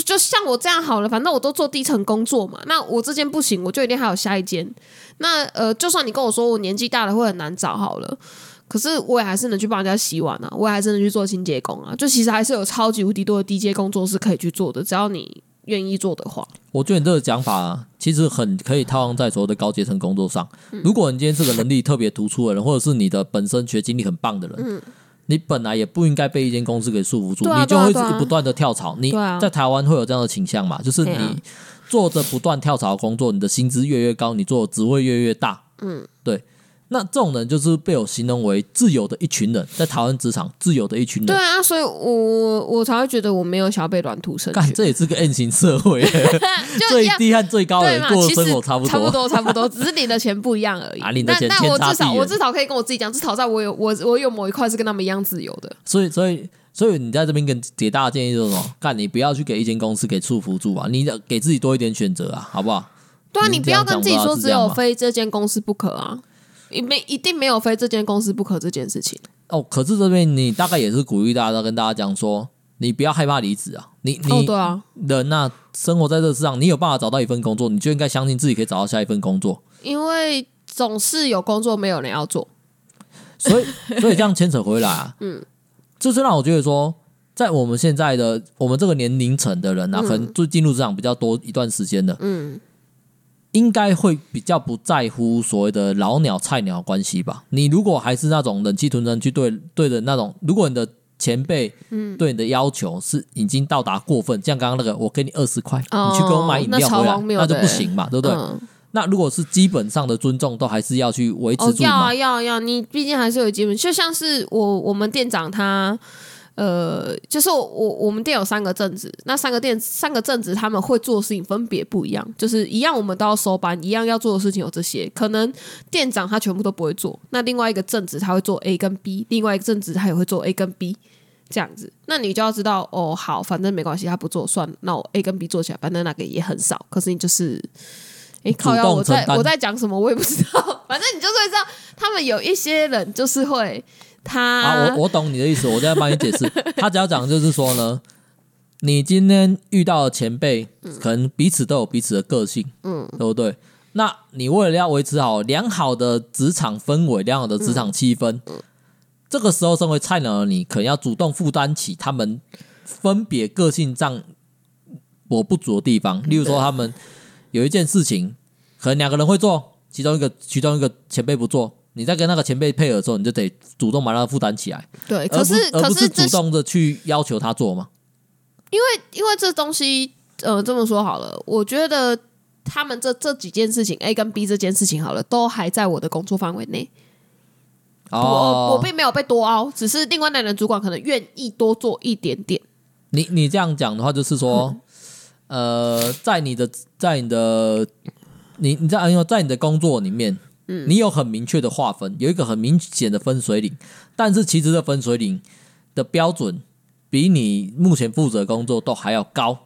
就像我這樣好了，反正我都做低層工作嘛。那我這間不行，我就一定還有下一間。那呃，就算你跟我說我年紀大了會很難找好了，可是我也還是能去幫人家洗碗啊，我也還是能去做清潔工啊。就其實還是有超級無敵多的低階工作是可以去做的，只要你願意做的話。我覺得你這個講法其實很可以套用在所有的高階層工作上。嗯。如果你今天是個能力特別突出的人，或者是你的本身學經歷很棒的人。嗯你本來也不應該被一間公司給束縛住，啊、你就會一直不斷的跳槽、啊。你在台灣會有這樣的傾向嘛？啊、就是你做着不斷跳槽的工作、啊，你的薪資越越高，你做的職位越越大。嗯、啊，對。那這種人就是被我形容為自由的一群人，在台灣職場自由的一群人。對啊，所以我我才會覺得我沒有想要被軟土生。幹，這也是個 M 型社會 就，最低和最高的人 對，過的生活差不差不多，差不多，只是你的錢不一樣而已。啊，你的錢天差地。那我至少我至少可以跟我自己講，至少在我有我我有某一塊是跟他們一樣自由的。所以，所以，所以你在這邊給大家建議是什麼？幹，你不要去給一間公司給束縛住啊，你給自己多一點選擇啊，好不好？對啊，你，你不要跟自己說只有非這間公司不可啊。沒一定沒有非這間公司不可這件事情哦。可是這邊你大概也是鼓勵大家跟大家講說，你不要害怕離職啊。你你人啊、哦、對啊，人吶，生活在這世上，你有辦法找到一份工作，你就應該相信自己可以找到下一份工作。因為總是有工作沒有人要做，所以所以這樣牽扯回來、啊， 嗯，就是讓我覺得說，在我們現在的我們這個年齡層的人啊，嗯、可能就進入職場比較多一段時間的，嗯。應該會比較不在乎所謂的老鳥菜鳥的關係吧。你如果還是那種忍氣吞聲去對對的那種，如果你的前輩對你的要求是已經到達過分，嗯、像剛剛那個，我給你二十塊，哦、你去給我買飲料回來，那就不行嘛，對不、嗯、對，對，對？那如果是基本上的尊重，都還是要去維持住嘛。哦、要、啊、要、啊、要，你畢竟還是有基本，就像是我我們店長他。呃，就是我我，我們店有三個正職，那三個店三個正職他們會做的事情分別不一樣，就是一樣我們都要收班，一樣要做的事情有這些。可能店長他全部都不會做，那另外一個正職他會做 A 跟 B，另外一個正職他也會做 A 跟 B 這樣子。那你就要知道，哦，好，反正沒關係，他不做算了，那我 A 跟 B 做起來，反正那個也很少。可是你就是，哎，靠腰我在我在講什麼，我也不知道。反正你就是會知道，他們有一些人就是會。他啊，我我懂你的意思，我再幫你解釋。 他只要講，就是說呢，你今天遇到的前輩，可能彼此都有彼此的個性，嗯，對不對？那你為了要維持好良好的職場氛圍，良好的職場氣氛，嗯、這個時候身為菜鳥的你，可能要主動負擔起他們分別個性上我不足的地方。例如說，他們有一件事情，可能兩個人會做，其中一個其中一個前輩不做。你在跟那個前輩配合的時候，你就得主動把他負擔起來。對，可是而不，而不是主動的去要求他做嗎？因為因為這東西，呃，這麼說好了，我覺得他們這這幾件事情，A 跟 B 這件事情好了，都還在我的工作範圍內。哦我，我並沒有被多凹，只是另外那名主管可能願意多做一點點。你你這樣講的話，就是說，嗯，呃，在你的在你的你你在哎呦，在你的工作裡面。你有很明確的劃分，有一個很明顯的分水嶺，但是其實這分水嶺的標準比你目前負責的工作都還要高。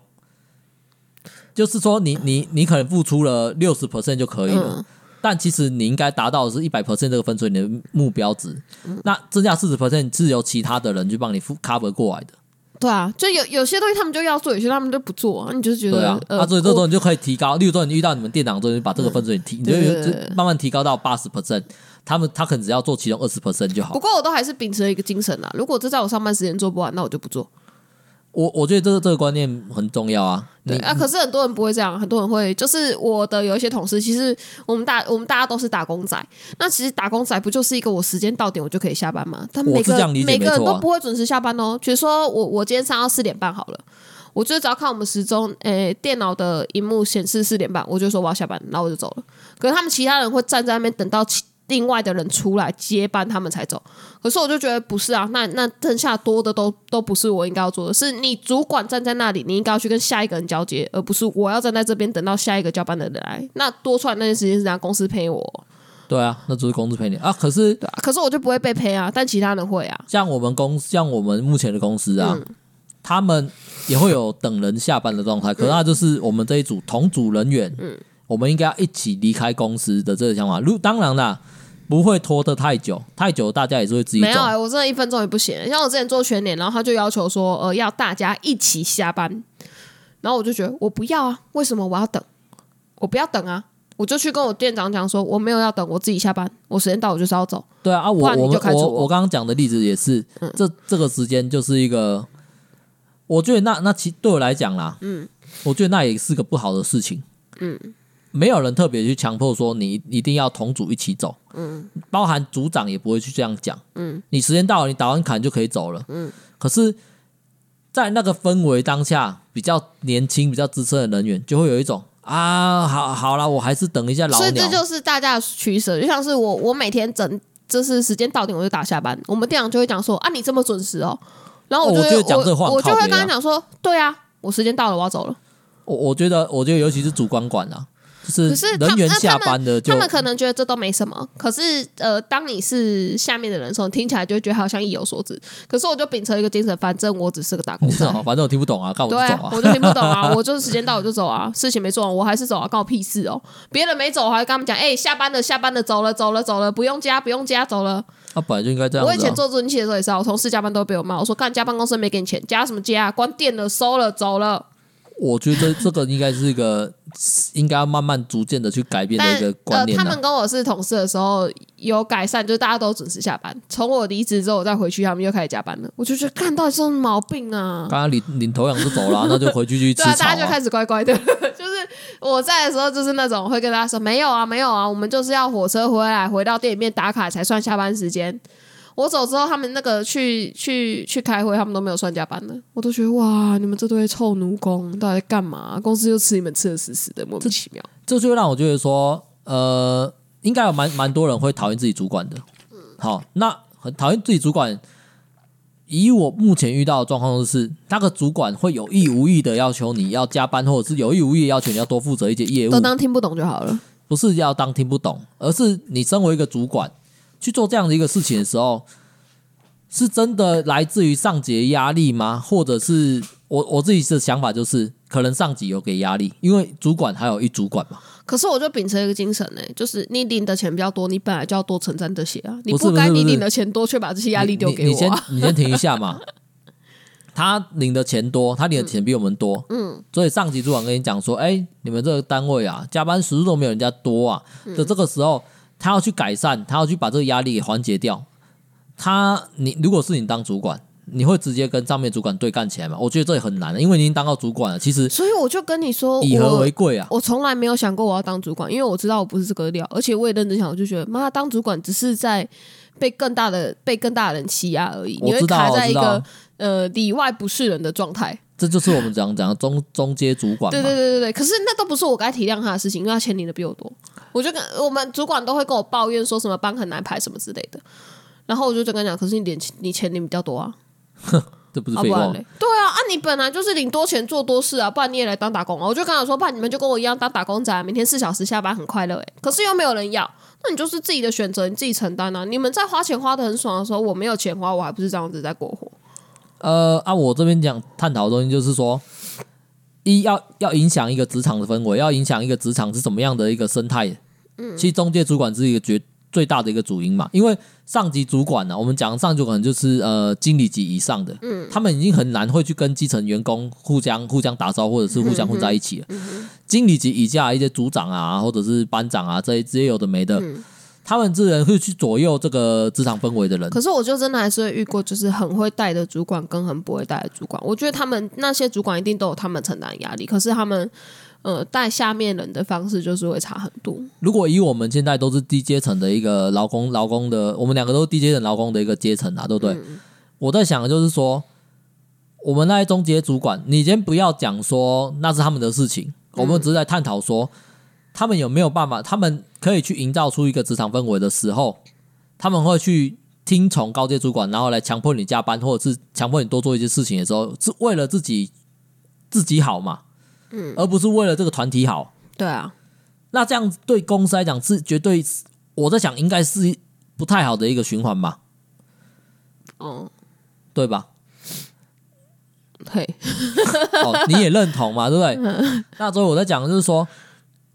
就是說，你你你可能付出了六十 percent 就可以了，但其實你應該達到的是一百 percent，這個分水嶺的目標值那增加40。那剩下四十 percent 是由其他的人去幫你 cover 過來的。對啊，就有有些東西他們就要做，有些他們就不做，啊，你就是覺得對啊，呃、啊，所以這時候你就可以提高。例如說，你遇到你們店長之後，把這個分數提，嗯、對對對對，你就慢慢提高到八十 percent，他們他可能只要做其中二十 percent 就好。不過我都還是秉持了一個精神啦，啊，如果這在我上班時間做不完，那我就不做。我我覺得這個這個觀念很重要啊，對啊，嗯、可是很多人不會這樣，很多人會就是我的有一些同事，其實我們大我們大家都是打工仔，那其實打工仔不就是一個我時間到點我就可以下班嗎？他們每個、啊、每個人都不會準時下班哦、喔，比如說我我今天上到四點半好了，我就只要看我們時鐘，誒、欸、電腦的熒幕顯示四點半，我就說我要下班，然後我就走了。可是他們其他人會站在那邊等到七。另外的人出來接班，他們才走。可是我就覺得不是啊，那那剩下多的都都不是我應該要做的。是，你主管站在那裡，你應該要去跟下一個人交接，而不是我要站在這邊等到下一個交班的人來。那多出來那些時間是人家公司賠我。對啊，那只是公司賠你啊。可是、啊，可是我就不會被賠啊，但其他人會啊。像我們公司，像我們目前的公司啊，嗯、他們也會有等人下班的狀態、嗯。可那就是我們這一組同組人員，嗯、我們應該要一起離開公司的這個想法。如當然啦。不會拖得太久，太久大家也是會自己。沒有、欸，我真的一分鐘也不行、欸。像我之前做全年，然後他就要求說，呃，要大家一起下班，然後我就覺得我不要啊，為什麼我要等？我不要等啊，我就去跟我店長講說，我沒有要等，我自己下班，我時間到我就是要走。對啊，我，不然你就開除我我我我，我剛剛講的例子也是，這、嗯、這個時間就是一個，我覺得那那其對我來講啦，嗯，我覺得那也是個不好的事情，嗯。沒有人特別去強迫說你一定要同組一起走，嗯，包含組長也不會去這樣講，嗯，你時間到了，你打完卡就可以走了，嗯。可是，在那個氛圍當下，比較年輕、比較資深的人員就會有一種啊，好好了，我還是等一下老鳥。所以這就是大家的取捨，就像是我，我每天整就是時間到點我就打下班，我們店長就會講說啊，你這麼準時哦，然後我就講這話、哦、我就會跟他、啊、講說，對啊，我時間到了，我要走了。我我覺得，我覺得尤其是主管管啊。可、就是，人員下班的、啊，他們可能覺得這都沒什麼。可是，呃，當你是下面的人的時候，聽起來就會覺得好像意有所指。可是，我就秉承一個精神，反正我只是個打工仔，反正我聽不懂啊，看不懂我就聽不懂啊， 我就是時間到我就走啊，事情沒做完我還是走啊，關我屁事哦。別人沒走，我還會跟他們講，哎、欸，下班了，下班了，走了，走了，走了，不用加，不用加，走了。他、啊、本來就應該這樣、啊。我以前做助理的時候也是，我同事加班都被我罵，我說幹加班公司沒給你錢，加什麼加？關電了，收了，走了。我覺得這個應該是一個，應該要慢慢逐漸的去改變的一個觀念、啊呃。他們跟我是同事的時候有改善，就是、大家都準時下班。從我離職之後，我再回去，他們又開始加班了。我就覺得，看到這種毛病啊，剛剛領領頭羊就走了、啊，那就回去去吃、啊、 對、啊、大家就開始乖乖的。就是我在的時候，就是那種會跟大家說，沒有啊，沒有啊，我們就是要火車回來，回到店裡面打卡才算下班時間。我走之後，他們那個去去去開會，他們都沒有算加班的。我都覺得哇，你們這堆臭奴工，到底在幹嘛？公司又吃你們吃的死死的，莫名其妙。這，這就會讓我覺得說，呃，應該有蠻蠻多人會討厭自己主管的。好，那很討厭自己主管，以我目前遇到的狀況，就是那個主管會有意無意的要求你要加班，或者是有意無意的要求你要多負責一些業務。都當聽不懂就好了。不是要當聽不懂，而是你身為一個主管。去做這樣的一個事情的時候，是真的來自於上級的壓力嗎？或者是我我自己的想法就是，可能上級有給壓力，因為主管還有一主管嘛。可是我就秉承一個精神呢、欸，就是你領的錢比較多，你本來就要多承擔這些啊。不你不該你領的錢多，卻把這些壓力丟給我、啊你。你先，你先停一下嘛。 他領的錢多，他領的錢比我們多。嗯，所以上級主管跟你講說：“哎、欸，你們這個單位啊，加班時數都沒有人家多啊。嗯”的這個時候。他要去改善，他要去把這個壓力給緩解掉。他，你如果是你當主管，你會直接跟上面主管對幹起來嗎？我覺得這也很難，因為你已經當到主管了。其實，所以我就跟你說，以和為貴啊。我從來沒有想過我要當主管，因為我知道我不是這個料，而且我也認真想，我就覺得，媽，當主管只是在被更大的、被更大的人欺壓而已。我知道、哦在一個，我知道、哦，呃，裡外不是人的狀態。這就是我們講講中中階主管，對 對對對對。可是那都不是我該體諒他的事情，因為他欠你的比我多。我就跟我們主管都會跟我抱怨說什麼班很難排什麼之類的，然後我就跟他講，可是你，你錢你錢領比較多啊， 這不是廢話啊對啊，啊你本來就是領多錢做多事啊，不然你也來當打工啊，我就跟他說，不然你們就跟我一樣當打工仔，啊，明天四小時下班很快樂，欸，可是又沒有人要，那你就是自己的選擇，你自己承擔啊，你們在花錢花得很爽的時候，我沒有錢花，我還不是這樣子在過活，呃啊我這邊講探討的東西就是說，一要要影響一個職場的氛圍，要影響一個職場是什麼樣的一個生態。其實，中階主管是一個絕最大的一個主因嘛，因為上級主管呢、啊，我們講上級主管就是呃經理級以上的，嗯，他們已經很難會去跟基層員工互相互相打招呼，或者是互相混在一起了。經理級以下一些組長啊，或者是班長啊，這這些有的沒的，他們自然會去左右這個職場氛圍的人。可是，我就真的還是會遇過，就是很會帶的主管跟很不會帶的主管，我覺得他們那些主管一定都有他們承擔壓力，可是他們。呃，帶下面人的方式就是會差很多。如果以我們現在都是低階層的一個勞工，勞工的，我們兩個都是低階層勞工的一個階層啊，對不對？嗯、我在想，就是說，我們那些中階主管，你先不要講說那是他們的事情，我們只是在探討說、嗯，他們有沒有辦法，他們可以去營造出一個職場氛圍的時候，他們會去聽從高階主管，然後來強迫你加班，或者是強迫你多做一些事情的時候，是為了自己自己好嘛？嗯，而不是為了這個團體好、嗯。對啊，那這樣子對公司來講是絕對，我在想應該是不太好的一個循環吧。哦，對吧？嘿， 哦，你也認同嘛、嗯？對不對？那所以我在講就是說，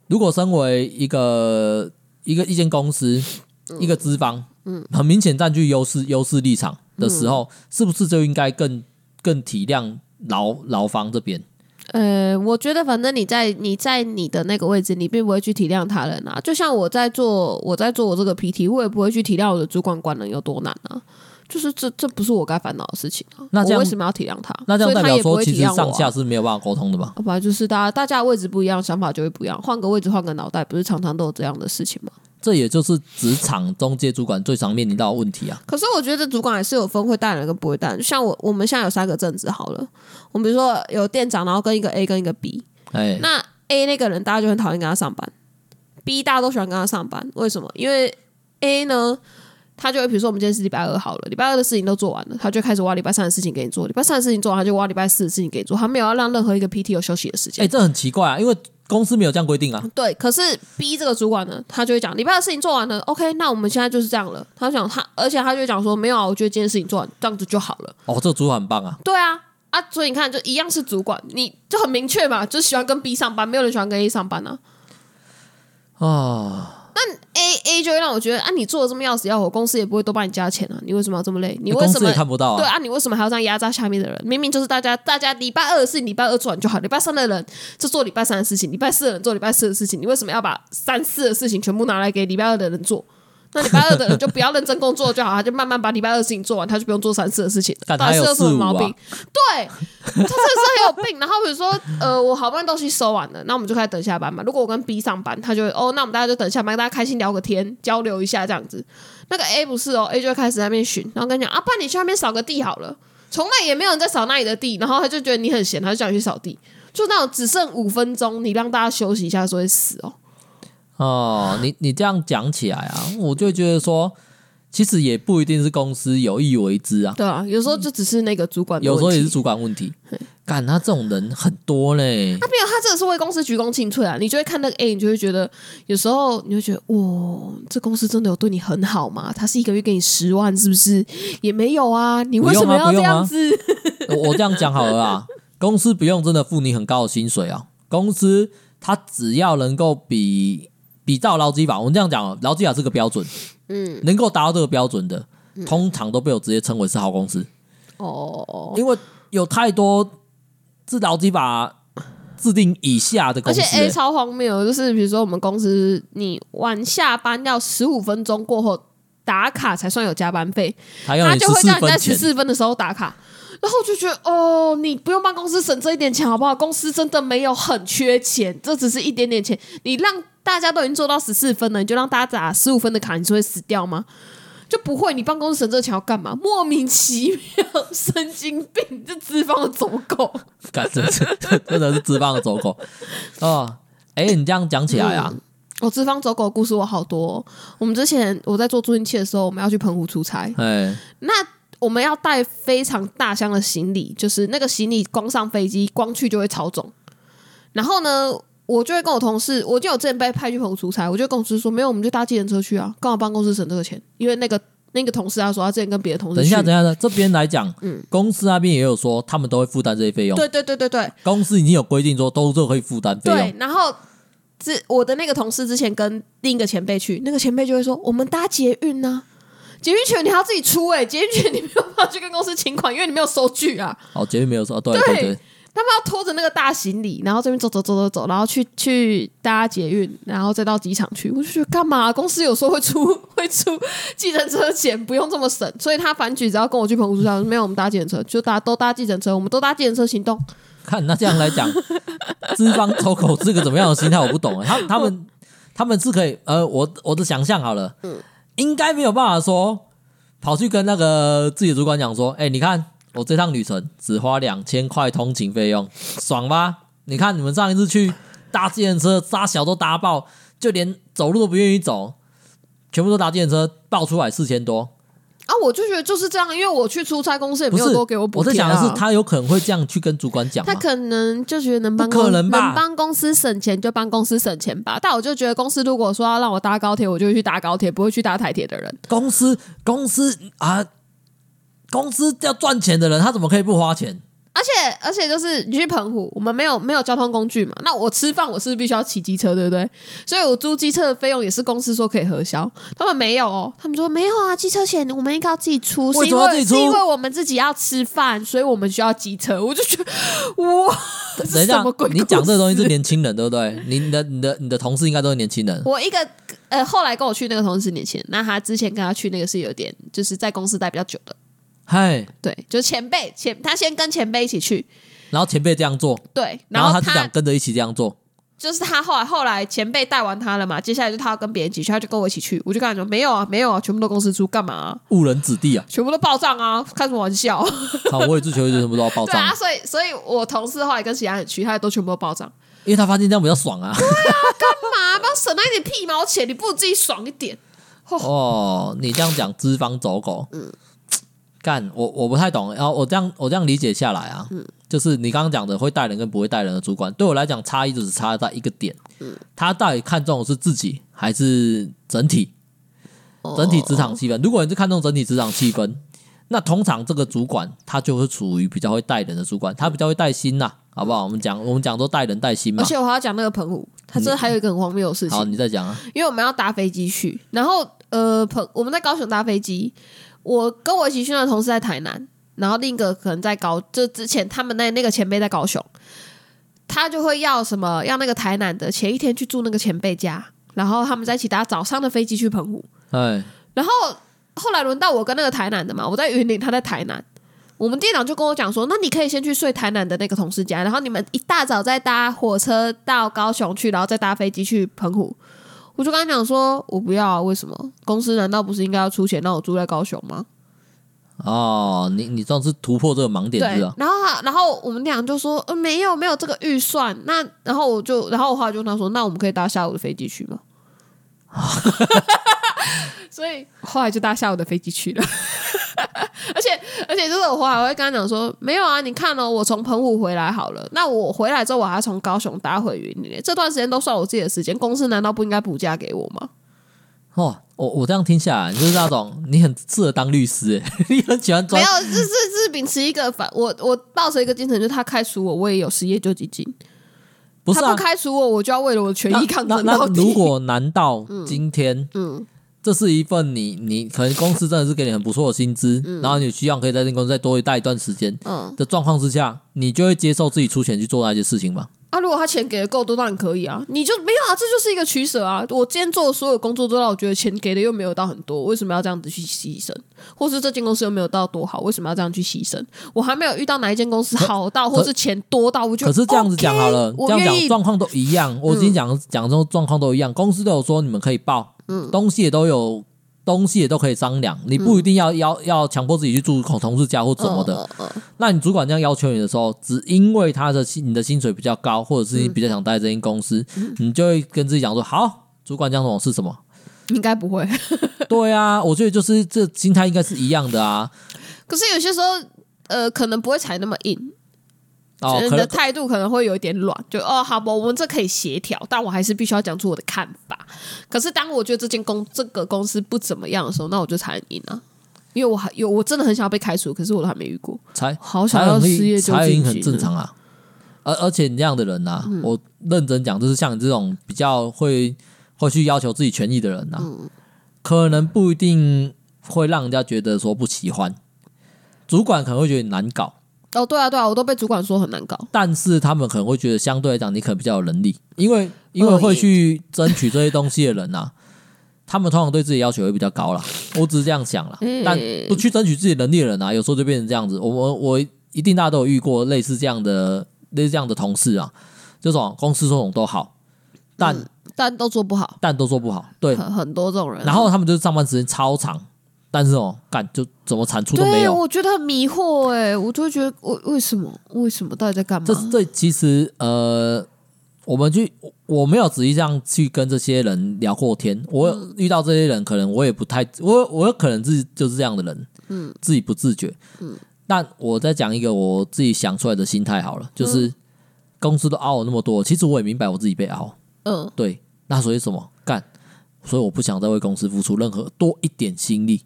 如果身為一個一個一間公司，嗯、一個資方，嗯，很明顯佔據優勢優勢立場的時候，嗯、是不是就應該更更體諒勞勞方這邊？呃，我覺得反正你在你在你的那個位置，你並不會去體諒他人啊。就像我在做我在做我這個 PT，我也不會去體諒我的主管管人有多難啊。就是這這不是我該煩惱的事情、啊、那我為什麼要體諒他？那這樣代表說他也不會體諒我、啊、其實上下是沒有辦法溝通的吧？好吧，就是大家大家位置不一樣，想法就會不一樣。換個位置換個腦袋，不是常常都有這樣的事情嗎？這也就是職場中階主管最常面臨到的問題啊。可是我覺得主管還是有分會帶人跟不會帶人。就像我，我們現在有三個正職好了，我們比如說有店長，然後跟一個 A 跟一個 B、哎。那 A 那個人大家就很討厭跟他上班，B 大家都喜歡跟他上班。為什麼？因為 A 呢，他就會比如說我們今天是禮拜二好了，禮拜二的事情都做完了，他就開始挖禮拜三的事情給你做，禮拜三的事情做完，他就挖禮拜四的事情給你做，他沒有要讓任何一個 PT 有休息的時間。哎，這很奇怪啊，因為。公司沒有這樣規定啊。對，可是 B 這個主管呢，他就會講，你把事情做完了，OK，那我們現在就是這樣了。他想，他，而且他就講說沒有啊，我覺得今天事情做完這樣子就好了。哦，這個主管很棒啊。對啊，啊，所以你看，就一樣是主管，你就很明確嘛，就喜歡跟 B 上班，沒有人喜歡跟 A 上班呢。啊。哦那 A A 就會讓我覺得，啊，你做的這麼要死要活，公司也不會多幫你加錢啊，你為什麼要這麼累？你為什麼公司也看不到，啊對，對啊，你為什麼還要這樣壓榨下面的人？明明就是大家，大家禮拜二的事情，禮拜二做完就好，禮拜三的人就做禮拜三的事情，禮拜四的人做禮拜四的事情，你為什麼要把三四的事情全部拿來給禮拜二的人做？ 那禮拜二的人就不要認真工作就好，他就慢慢把禮拜二事情做完，他就不用做三四的事情。他有，四、啊、到底是有什麼毛病，啊、對他真的是很有病。 然後比如說，呃，我好不容易東西收完了，那我們就開始等下班嘛。如果我跟 B 上班，他就會哦，那我們大家就等下班，大家開心聊個天，交流一下這樣子。那個 A 不是哦，A 就會開始在那邊巡，然後跟你講啊，爸，你去那邊掃個地好了。從來也沒有人在掃那裡的地，然後他就覺得你很閒，他就叫你去掃地。就那種只剩五分鐘，你讓大家休息一下，所以會死哦。哦，你你這樣講起來啊，我就會覺得說，其實也不一定是公司有意為之啊。對啊，有時候就只是那個主管問題，有時候也是主管問題。幹，他這種人很多嘞，欸。他，啊，沒有，他真的是為公司鞠躬盡瘁啊。你就會看那個 A，欸，你就會覺得有時候你會覺得，哇，這公司真的有對你很好嗎？他是一個月給你十萬，是不是？也沒有啊。你為什麼要這樣子？啊啊，我，我這樣講好了啊， 公司不用真的付你很高的薪水啊，公司他只要能夠比。比照勞基法，我們這樣講，勞基法是個標準，嗯，能夠達到這個標準的、嗯，通常都被我直接稱為是好公司。哦哦哦，因為有太多自勞基法制定以下的公司、欸，而且 A 超荒謬，就是比如說我們公司，你晚下班要十五分鐘過後打卡才算有加班費，他就會讓你在十四分的時候打卡，然後就覺得哦，你不用幫公司省這一點錢好不好？公司真的沒有很缺錢，這只是一點點錢，你讓。大家都已經做到十四分了，你就讓大家打十五分的卡，你就會死掉嗎？就不會，你辦公室整這條橋要幹嘛？莫名其妙，神經病！這資方的走狗，幹，真的是資方的走狗哦。哎、欸，你這樣講起來啊、嗯，我資方走狗的故事我好多、哦。我們之前我在做助聽器的時候，我們要去澎湖出差，那我們要帶非常大箱的行李，就是那個行李光上飛機光去就會超重，然後呢？我就會跟我同事，我就有之前被派去澎湖出差，我就會跟我同事說，沒有，我們就搭計程車去啊，剛好幫公司省這個錢。因為那個那個同事他說他之前跟別的同事，等一下等一下呢，這邊來講、嗯嗯，公司那邊也有說他們都會負擔這些費用，對對對對對，公司已經有規定說都是會負擔費用，對。然後這，我的那個同事之前跟另一個前輩去，那個前輩就會說，我們搭捷運呢、啊。捷運錢你還要自己出哎、欸，捷運錢你沒有辦法去跟公司請款，因為你沒有收據啊。哦、喔，捷運沒有收對對對，對，他們要拖着那個大行李，然後這邊走走走走走，然後去去搭捷運，然後再到機場去。我就覺得幹嘛？公司有時候會出會出計程車錢，不用這麼省。所以他反舉只要跟我去澎湖出差，沒有我們搭計程車，就大家都搭計程車，我們都搭計程車行動。看那這樣來講，資 方抽口是個怎麼樣的心態我不懂、欸，他他們他們是可以呃，我我的想象好了。嗯應該沒有辦法說，跑去跟那個自己主管講說：“哎、欸，你看我這趟旅程只花兩千塊通勤費用，爽吧？你看你們上一次去搭計程車，大小都搭爆，就連走路都不願意走，全部都搭計程車，爆出來四千多。”啊，我就覺得就是這樣，因為我去出差，公司也沒有多給我補貼。我在想的是，他有可能會這樣去跟主管講，他可能就覺得能幫可能，能幫公司省錢就幫公司省錢吧。但我就覺得，公司如果說要讓我搭高鐵，我就會去搭高鐵，不會去搭台鐵的人。公司公司啊，呃，公司要賺錢的人，他怎麼可以不花錢？而且而且就是你去澎湖，我們沒有沒有交通工具嘛，那我吃飯我是，是必須要騎機車，對不對？所以我租機車的費用也是公司說可以核銷，他們沒有，哦，他們說沒有啊，機車錢我們應該要自己出。是因為什麼自己出？因為我們自己要吃飯，所以我們需要機車。我就覺得哇，等一下，你講這個東西是年輕人，對不對？你的你的你的，你的同事應該都是年輕人。我一個呃後來跟我去那個同事是年輕人，那他之前跟他去那個是有點就是在公司待比較久的。嗨，對，就是前輩，前他先跟前輩一起去，然後前輩這樣做，對，然後他就想跟着一起這樣做，就是他後來他後來前輩帶完、就是、完他了嘛，接下來就他要跟別人一起去，他就跟我一起去，我就跟他講，沒有啊，沒有啊，全部都公司出，幹嘛、啊？誤人子弟啊，全部都報帳啊，開什麼玩笑、啊？好，我也求一店，全部都要報帳、啊 啊，所以所以，我同事後來跟其他人去，他都全部都報帳，因為他發現這樣比較爽啊。對啊，幹嘛、啊？幫省那一點屁毛錢，你不如自己爽一點。哦、 oh，你這樣講，資方走狗， 嗯。幹我我不太懂，然後我這樣我這樣理解下來啊，嗯、就是你剛剛講的會帶人跟不會帶人的主管，對我來講差異就是差在一個點，嗯、他到底看重的是自己還是整體，整體職場氣氛哦。如果你是看重整體職場氣氛，那通常這個主管他就是處於比較會帶人的主管，他比較會帶心啦啊。好不好？我們講我們講說帶人帶心嘛。而且我還要講那個澎湖，他真的還有一個很荒謬的事情嗯。好，你再講啊。因為我們要搭飛機去，然後呃澎我們在高雄搭飛機。我跟我一起去的同事在台南，然後另一個可能在高，就之前他們那那個前輩在高雄，他就會要什麼要那個台南的前一天去住那個前輩家，然後他們在一起搭早上的飛機去澎湖。哎，然後後來輪到我跟那個台南的嘛，我在雲林，他在台南，我們店長就跟我講說，那你可以先去睡台南的那個同事家，然後你們一大早再搭火車到高雄去，然後再搭飛機去澎湖。我就跟他講說，我不要啊，為什麼？公司難道不是應該要出錢讓我住在高雄嗎？哦，你你上次突破這個盲點，對啊！然後然後我們倆就說，沒有沒有這個預算。那然後我就然後我話就他說，那我們可以搭下午的飛機去嗎？ 所以後來就搭下午的飛機去了， 而且而且就是我後來我會跟他講說，沒有啊，你看了、哦、我從澎湖回來好了，那我回來之後我還要從高雄搭回雲林，這段時間都算我自己的時間，公司難道不應該補假給我嗎？哦，我我這樣聽下來，就是那種你很適合當律師，你很喜歡做沒有，是是是秉持一個反我我抱着一個精神，就是他開除我，我也有失業救濟金。他不開除我、啊，我就要為了我的權益抗爭到底。 那如果難道今天、嗯？嗯這是一份你你可能公司真的是給你很不錯的薪資，嗯、然後你希望可以在這間公司再多待一,一段時間、嗯、的狀況之下，你就會接受自己出錢去做那件些事情嗎？啊，如果他錢給的夠多，當然可以啊，你就沒有啊，這就是一個取捨啊。我今天做的所有工作都讓我覺得錢給的又沒有到很多，為什麼要這樣子去犧牲？或是這間公司又沒有到多好，為什麼要這樣去犧牲？我還沒有遇到哪一間公司好到或是錢多到，我覺可是這樣子講好了，okay, 這樣講狀況都一樣。我已經講、嗯、講的狀況都一樣，公司都有說你們可以報。嗯，東西也都有，東西也都可以商量，你不一定要要要強迫自己去住同同事家或什麼的、嗯嗯嗯。那你主管這樣要求你的時候，只因為他的薪，你的薪水比較高，或者是你比較想待在這間公司、嗯嗯，你就會跟自己講說：“好，主管這樣總是什麼？”應該不會。 對啊，我覺得就是這心態應該是一樣的啊。可是有些時候，呃，可能不會踩那麼硬。人的態度可能會有一點軟、哦，就哦，好不好，我們這可以協調，但我還是必須要講出我的看法。可是當我覺得這間公這個公司不怎麼樣的時候，那我就才贏了，因為我還有我真的很想要被開除，可是我都還沒遇過，才，好想要失業就經很，很正常啊。而而且你這樣的人啊、嗯、我認真講，就是像你這種比較會會去要求自己權益的人啊、嗯，可能不一定會讓人家覺得說不喜歡，主管可能會覺得你難搞。哦、oh,，對啊，對啊，我都被主管說很難搞。但是他們可能會覺得，相對來講，你可能比較有能力，因為因為會去爭取這些東西的人吶、啊， 他們通常對自己要求會比較高啦。我只是這樣想啦、嗯，但不去爭取自己能力的人啊，有時候就變成這樣子。我我我一定大家都有遇過類似這樣的類似這樣的同事啊，這種公司這種都好，但、嗯、但都做不好，但都做不好。對很，很多這種人，然後他們就是上班時間超長。但是哦，幹就怎麼產出都沒有。對，我覺得很迷惑哎、欸，我就會覺得，為為什麼，為什麼，到底在幹嘛？這這其實呃，我們去我沒有仔細這樣去跟這些人聊過天。我、嗯、遇到這些人，可能我也不太，我我可能自己就是這樣的人，嗯，自己不自覺，嗯。但我再講一個我自己想出來的心態好了，就是、嗯、公司都熬了那麼多，其實我也明白我自己被熬，嗯，對。那所以什麼？幹，所以我不想再為公司付出任何多一點心力。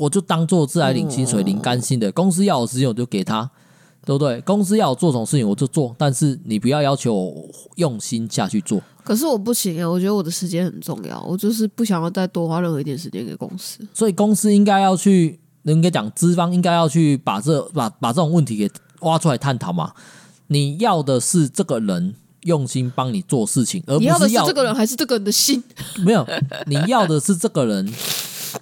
我就當做自來領薪水，領乾薪的，嗯。公司要我時間，我就給他，對不對？公司要我做什麼事情，我就做。但是你不要要求我用心下去做。可是我不行啊，欸，我覺得我的時間很重要，我就是不想要再多花任何一點時間給公司。所以公司應該要去，應該講資方應該要去把這把把這種問題給挖出來探討嘛。你要的是這個人用心幫你做事情，而不是，要你要的是這個人還是這個人的心？沒有，你要的是這個人。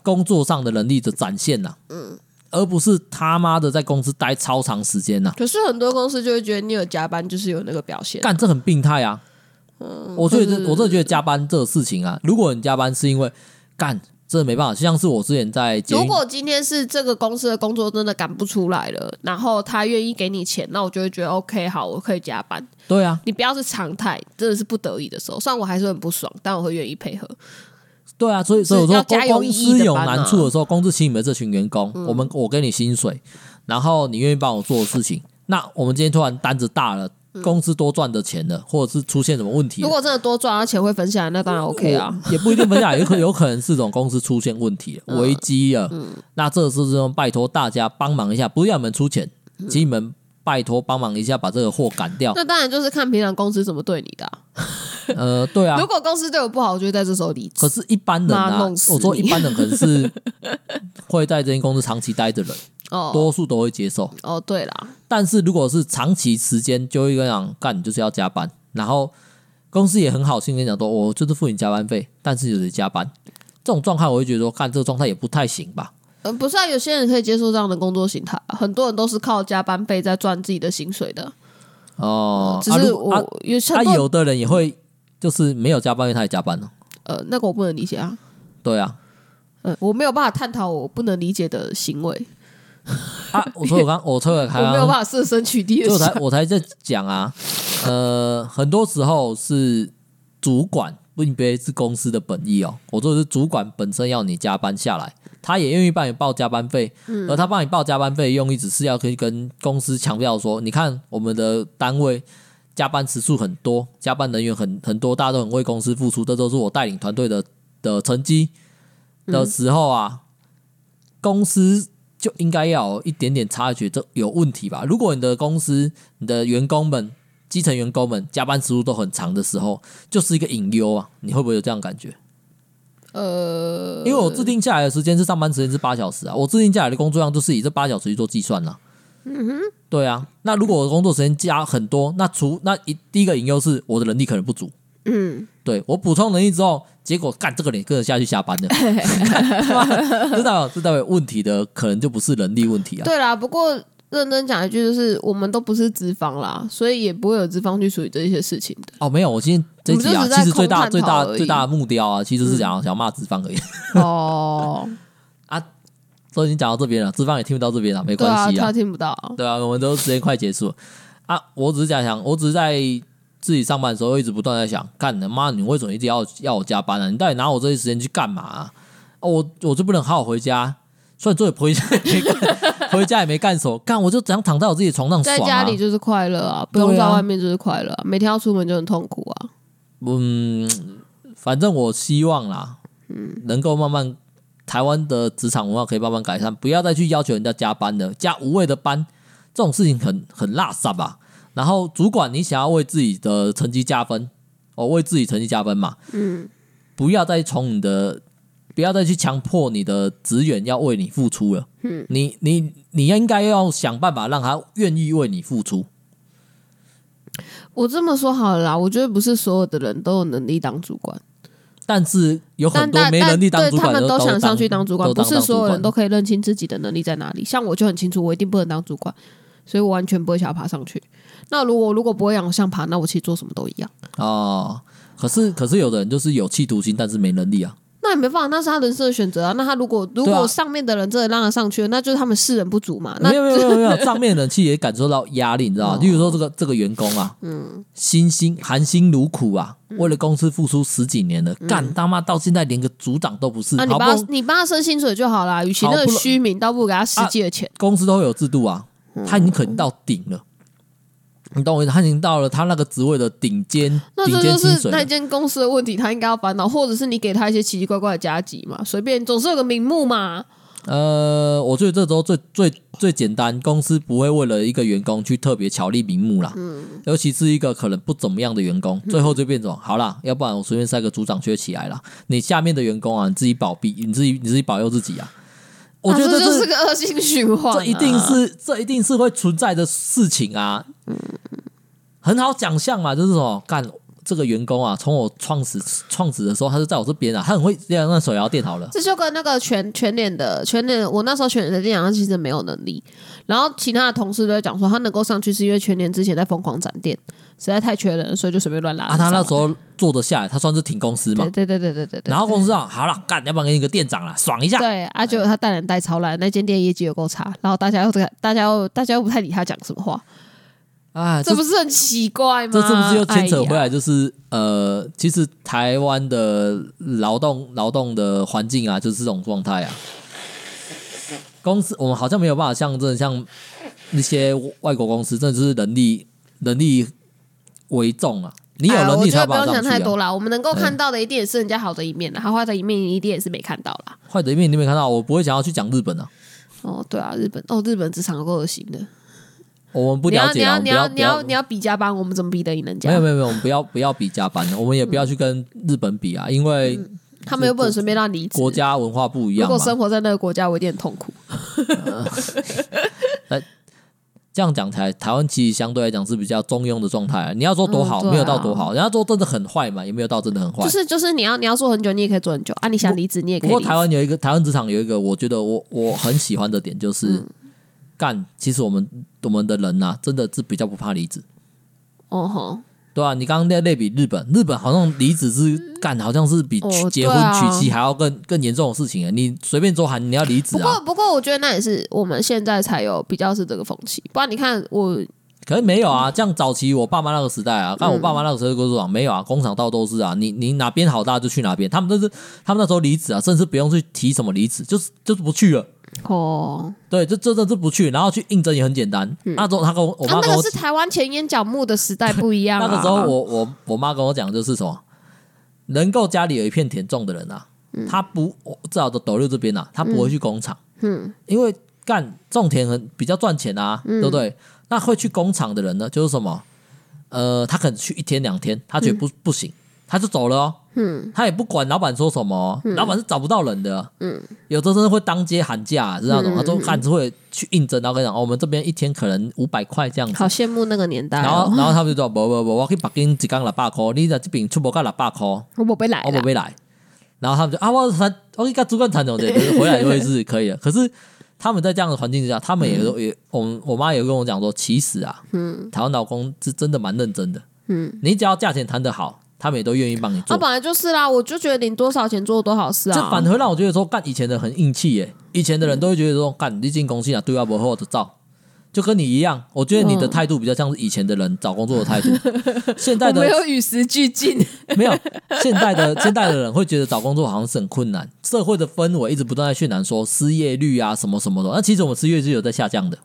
工作上的能力的展現吶、啊，嗯，而不是他媽的在公司待超長時間吶、啊。可是很多公司就會覺得你有加班就是有那個表現、啊，幹這很病態啊。嗯，我所以這我真的覺得加班這個事情啊，如果你加班是因為幹這沒辦法，就像是我之前在，如果今天是這個公司的工作真的趕不出來了，然後他願意給你錢，那我就會覺得 OK，好，我可以加班。對啊，你不要是常態，真的是不得已的時候，雖然我還是很不爽，但我會願意配合。對啊，所以所以說公司有難處的時候，公司請你們這群員工，我們我給你薪水，然後你願意幫我做的事情。那我們今天突然單子大了，公司多賺的錢了，或者是出現什麼問題？如果真的多賺了錢會分下來，那當然 OK 啊，也不一定分下來，有可有可能是這種公司出現問題了危機了，那這是種拜託大家幫忙一下，不要你們出錢，請你們。拜託幫忙一下，把這個貨趕掉。那當然就是看平常公司怎麼對你的，啊。呃，對啊。如果公司對我不好，我就會在這時候離職。可是，一般人，啊，我說一般人可能是會在這間公司長期待著的 多數都會接受。哦，哦對了。但是，如果是長期時間，就一個人幹，就是要加班。然後公司也很好心跟你講說，我就是付你加班費，但是有得加班。這種狀態我會覺得說，幹這個狀態也不太行吧。嗯、呃，不是啊，有些人可以接受這樣的工作形態，很多人都是靠加班費在賺自己的薪水的。哦、呃，只是我，因為他有的人也會就是沒有加班費他也加班呢、哦。呃，那個我不能理解啊。對啊。嗯、呃，我沒有辦法探討我不能理解的行為啊！我說我剛，我錯了我， 我沒有辦法設身處地的時候。我才，我才在講啊。呃，很多時候是主管，並非是公司的本意哦。我說是主管本身要你加班下來。他也願意幫你報加班費，嗯，而他幫你報加班費用意只是要可以跟公司強調說，你看我們的單位加班時數很多，加班人員很很多，大家都很為公司付出，這都是我帶領團隊的的成績的時候啊，嗯、公司就應該要有一點點察覺這有問題吧？如果你的公司你的員工們基層員工們加班時數都很長的時候，就是一個隱憂啊，你會不會有這樣的感覺？呃，因為我制定下來的時間是上班時間是八小時啊，我制定下來的工作量就是以這八小時去做計算了、啊。嗯哼，對啊，那如果我的工作時間加很多，那除那一第一個隱憂是我的能力可能不足。嗯，對我補充能力之後，結果幹這個年根本下去下班的 知道知道問題的可能就不是人力問題啊。對啦、啊，不過。認真講一句，就是我們都不是脂肪啦，所以也不會有脂肪去處理這些事情的。哦，沒有，我今天這一集、啊、我們這只是在空探討最大，最大空探討而已，最大的目標啊，其實是想想罵脂肪而已。嗯、 哦啊，都已經講到這邊了，脂肪也聽不到這邊了，沒關係啊，他聽不到、啊。對啊，我們都時間快結束 啊，我只是在想，想，我只是在自己上班的時候一直不斷在想，乾媽，你為什麼一直要要我加班呢、啊？你到底拿我這些時間去幹嘛、啊啊？我我就不能好好回家？所以回回家也沒幹什麼， 幹 我就只想躺在我自己的床上爽。啊、在家裡就是快樂啊，不用在外面就是快樂、啊。啊、每天要出門就很痛苦啊。嗯，反正我希望啦，能夠慢慢台灣的職場文化可以慢慢改善，不要再去要求人家加班的，加無謂的班，這種事情很很垃圾吧。然後主管，你想要為自己的成績加分，哦，為自己成績加分嘛。嗯，不要再從你的。不要再去強迫你的職員要為你付出了，嗯、你你你應該要想辦法讓他願意為你付出。我這麼說好了啦，我覺得不是所有的人都有能力當主管，但是有很多沒能力當主管對他們，都想上去當主管當當。不是所有人都可以認清自己的能力在哪裡。像我就很清楚，我一定不能當主管，所以我完全不會想要爬上去。那如果如果不會往上爬，那我其實做什麼都一樣哦。可是可是有的人就是有企圖心，但是沒能力啊。那、啊、也沒辦法，那是他人生的選擇啊。那他如果如果上面的人真的讓他上去、啊、那就是他們識人不足嘛。沒有沒有沒有， 上面的人其實也感受到壓力，你知道吧、哦、例比如說這個這個員工啊，嗯，辛辛含辛茹苦啊，嗯、為了公司付出十幾年了，幹、嗯、他媽到現在連個組長都不是。啊，好，你幫他你幫他升薪水就好了，與其那個虛名，倒不如給他實際的錢。公司都有制度啊，嗯、他已經肯定到頂了。你懂我意思，他已經到了他那個職位的頂尖，頂尖，那這就是那間公司的問題，他應該要煩惱，或者是你給他一些奇奇怪怪的加急嘛，隨便總是有個名目嘛。呃，我覺得這周最最最簡單，公司不會為了一個員工去特別巧立名目啦、嗯。尤其是一個可能不怎麼樣的員工，最後就變種、嗯、好啦。要不然我隨便塞個組長缺起來啦。你下面的員工啊，你自己保庇，你自己你自己保佑自己啊。我覺得這，這就是個惡性循環啊，這一定是這一定是會存在的事情啊，很好想象嘛，就是說干。這個員工啊，從我創始創始的時候，他就在我這邊啊，他很會這樣亂手搖店好了。這就跟那個全全聯的全聯，我那時候全聯的店長其實沒有能力。然後其他的同事都在講說，他能夠上去是因為全聯之前在瘋狂展店，實在太缺人，所以就隨便亂拉，啊。他那時候做得下來，他算是挺公司嘛。對對對對對對。然後公司說好了，幹，要不然給你一個店長了，爽一下。對啊，就他帶人帶超爛，那間店業績有夠差，然後大家又這個，大家又大家又，大家又不太理他講什麼話。啊，這不是很奇怪嗎？這、這是不是又牽扯回來，就是、哎、呃，其實台灣的勞動勞動的環境啊，就是這種狀態啊。公司我們好像沒有辦法像這像那些外國公司，這就是能力能力為重啊。你有能力才、啊哎、我不用想太多啦。我們能夠看到的，一定也是人家好的一面了、嗯。好壞的一面，一定也是沒看到啦。壞的一面你沒看到，我不會想要去講日本啊。哦，對啊，日本哦，日本職場夠惡行的。我們不了解了，你不，你要你要，要你要你要你要比加班，我們怎麼比得贏人家？沒有沒有沒有，我們不要不要比加班，我們也不要去跟日本比啊，嗯、因為他們又不能隨便讓你離職，國家文化不一樣。如果生活在那個國家，我有點痛苦。嗯、 這樣講台台灣其實相對來講是比較中庸的狀態、啊。你要做多好、嗯啊，沒有到多好；你要做真的很壞嘛，也沒有到真的很壞。就是就是，你要你要做很久，你也可以做很久啊。你想離職，你也可以。不過台灣有一個台灣職場有一個，我覺得我我很喜歡的點就是。嗯幹，其實我們我們的人吶、啊，真的是比較不怕離職。哦吼，對啊，你剛剛在類比日本，日本好像離職是幹，好像是比結婚、oh, 娶妻還要更更嚴重的事情、啊。你隨便做，還你要離職啊？不過不過，我覺得那也是我們現在才有比較是這個風氣。不然你看我，可能沒有啊。像早期我爸媽那個時代啊，剛我爸媽那個時候跟我說，沒有啊，工廠到都是啊。你你哪邊好大就去哪邊，他們都、就是他們那時候離職啊，甚至不用去提什麼離職，就是就是不去了。哦、oh，對，這這這不去，然後去應徵也很簡單、嗯。那時候他跟我，他、啊、那個是台灣錢淹腳目的時代不一樣、啊、 那個時候我我我媽跟我講就是什麼，能夠家裡有一片田種的人啊，嗯、他不我至少都斗六這邊啊，他不會去工廠、嗯。嗯，因為干種田很比較賺錢啊、嗯，對不對？那會去工廠的人呢，就是什麼，呃，他可能去一天兩天，他覺得不、嗯、不行，他就走了。哦。嗯，他也不管老板說什麼，老板是找不到人的。有的真的會當街喊價，是那種啊，就喊着會去應徵，然後跟講我們這邊一天可能五百塊這樣子。好羨慕那個年代。然後，然後他們就說，不不不，我可以北京一天六百塊，你在這邊出不到六百塊，我不會來，我不會來。然後他們就啊，我談，我可以跟主管談這回來就會是可以的。可是他們在這樣的環境下，他們也都也，我我媽也跟我講說，其實啊，嗯，台灣勞工是真的蠻認真的，嗯，你只要價錢談得好。他們也都願意幫你做、啊。那本來就是啦，我就覺得領多少錢做多少事啊。就反而會讓我覺得說，幹以前的人很硬氣耶、欸。以前的人都會覺得說、嗯、幹，一進公司啊，對外不好的造，就跟你一樣。我覺得你的態度比較像是以前的人、嗯、找工作的態度。 現在的我沒有與時俱進， 沒有現在的現在的人會覺得找工作好像是很困難。社會的氛圍一直不斷在渲染說失業率啊什麼什麼的。那其實我們失業率是有在下降的，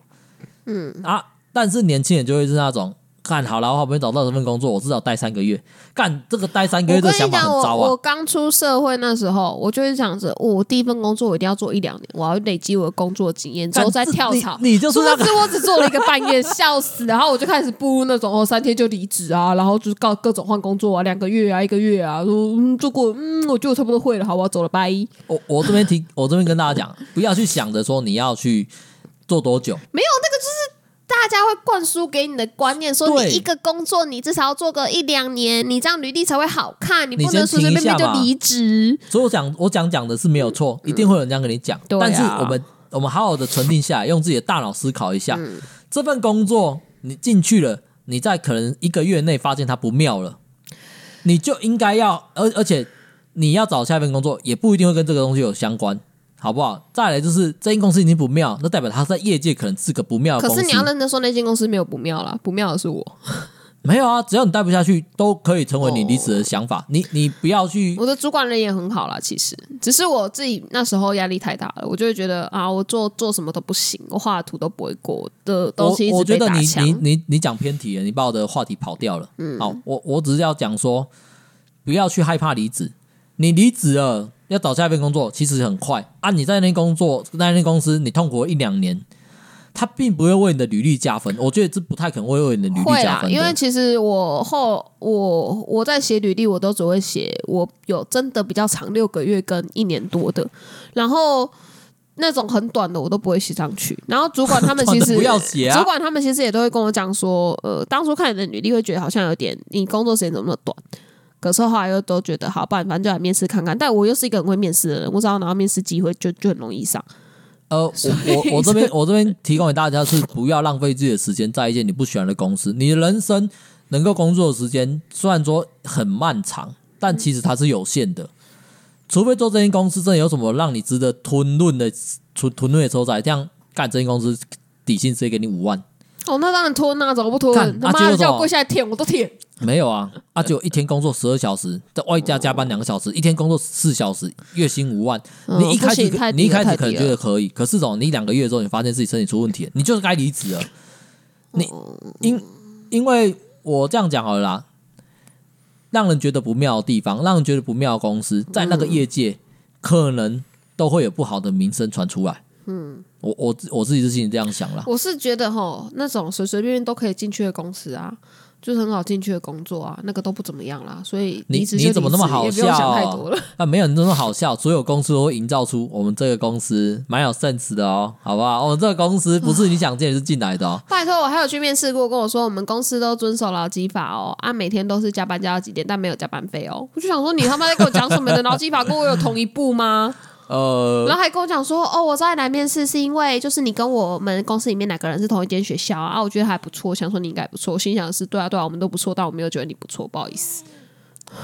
嗯啊，但是年輕人就會是那種。幹好了，我好不容易找到這份工作，我至少待三個月。幹這個待三個月的想法很糟啊！我剛出社會那時候，我就是想着，哦，我第一份工作我一定要做一兩年，我要累積我的工作的經驗，之後再跳槽。你，你就是，我只做了一個半月，笑，笑死！然後我就開始步那種，哦，三天就離職啊，然後就是告各種換工作啊，兩個月啊，一個月啊，說嗯，做過，嗯，我就差不多會了，好，好，我要走了，拜。我我這邊提，我這邊跟大家講， 不要去想着說你要去做多久，沒有，那個就是。大家會灌輸給你的觀念，說你一個工作，你至少要做個一兩年，你這樣履歷才會好看。你不能隨隨便便就離職。所以我想，我講，我講講的是沒有錯、嗯，一定會有人這樣跟你講、嗯。但是，我們、啊、我們好好的沉澱下來，用自己的大腦思考一下，嗯、這份工作你進去了，你在可能一個月內發現它不妙了，你就應該要，而而且你要找下一份工作，也不一定會跟這個東西有相關。好不好？再來就是，這間公司已經不妙，那代表他在業界可能是個不妙。可是你要認得說，那間公司沒有不妙啦。不妙的是我。 沒有啊，只要你待不下去，都可以成為你離職的想法。哦、你你不要去。我的主管人也很好啦，其實只是我自己那時候壓力太大了，我就會覺得啊，我做做什麼都不行，我畫圖都不會過的東西。我覺得你你你你講偏題了，你把我的話題跑掉了。嗯、好，我我只是要講說，不要去害怕離職，你離職了。要找下一份工作其實很快啊！你在那工作，在那公司，你痛苦一兩年，他並不會為你的履歷加分。我覺得這不太可能會為你的履歷加分。因為其實我後我我在寫履歷，我都只會寫我有真的比較長六個月跟一年多的，然後那種很短的我都不會寫上去。然後主管他們其實、 啊、主管他們其實也都會跟我講說，呃，當初看你的履歷會覺得好像有點你工作時間怎麼那麼短。可是後來又都覺得好，好吧，反正就來面試看看。但我又是一個很會面試的人，我只要拿到面試機會就就很容易上。呃，我 我這邊我這邊提供給大家是不要浪費自己的時間在一些你不喜歡的公司。你的人生能夠工作的時間雖然說很漫長，但其實它是有限的。嗯、除非做這間公司，真的有什麼讓你值得吞論的，吞吞論的周轉，像幹這間公司底薪直接給你五萬。哦，那當然吞、啊、怎麼不吞，他媽、啊、叫我跪下來舔我都舔。沒有啊，啊，只有一天工作十二小時，再外加加班兩個小時，一天工作四小時，月薪五萬，嗯。你一開始你一開始可能覺得可以，可是哦，你兩個月之後你發現自己身體出問題了，你就是該離職了。 你因因為我這樣講好了啦，讓人覺得不妙的地方，讓人覺得不妙的公司，在那個業界、嗯、可能都會有不好的名聲傳出來。嗯，我我我自己是心裡這樣想啦，我是覺得吼，那種隨隨便便，便都可以進去的公司啊。就是很好進去的工作啊，那個都不怎麼樣啦，所以你你，你怎麼那麼好笑，哦？那、啊、沒有你那麼好笑，所有公司都會營造出我們這個公司蠻 有 sense 的哦，好不好？我們這個公司不是你想進也、啊、是進來的哦。拜托，我還有去面試過，跟我說我們公司都遵守勞基法哦，啊，每天都是加班加到幾點，但沒有加班費哦。我就想說，你他媽在跟我講什麼的？勞基法跟我有同一步嗎？呃，然後還跟我講說，哦，我再來面試是因為就是你跟我們公司裡面哪個人是同一間學校啊，啊，我覺得還不錯，想說你應該不錯，心想是對啊對啊，我們都不錯，但我沒有覺得你不錯，不好意思。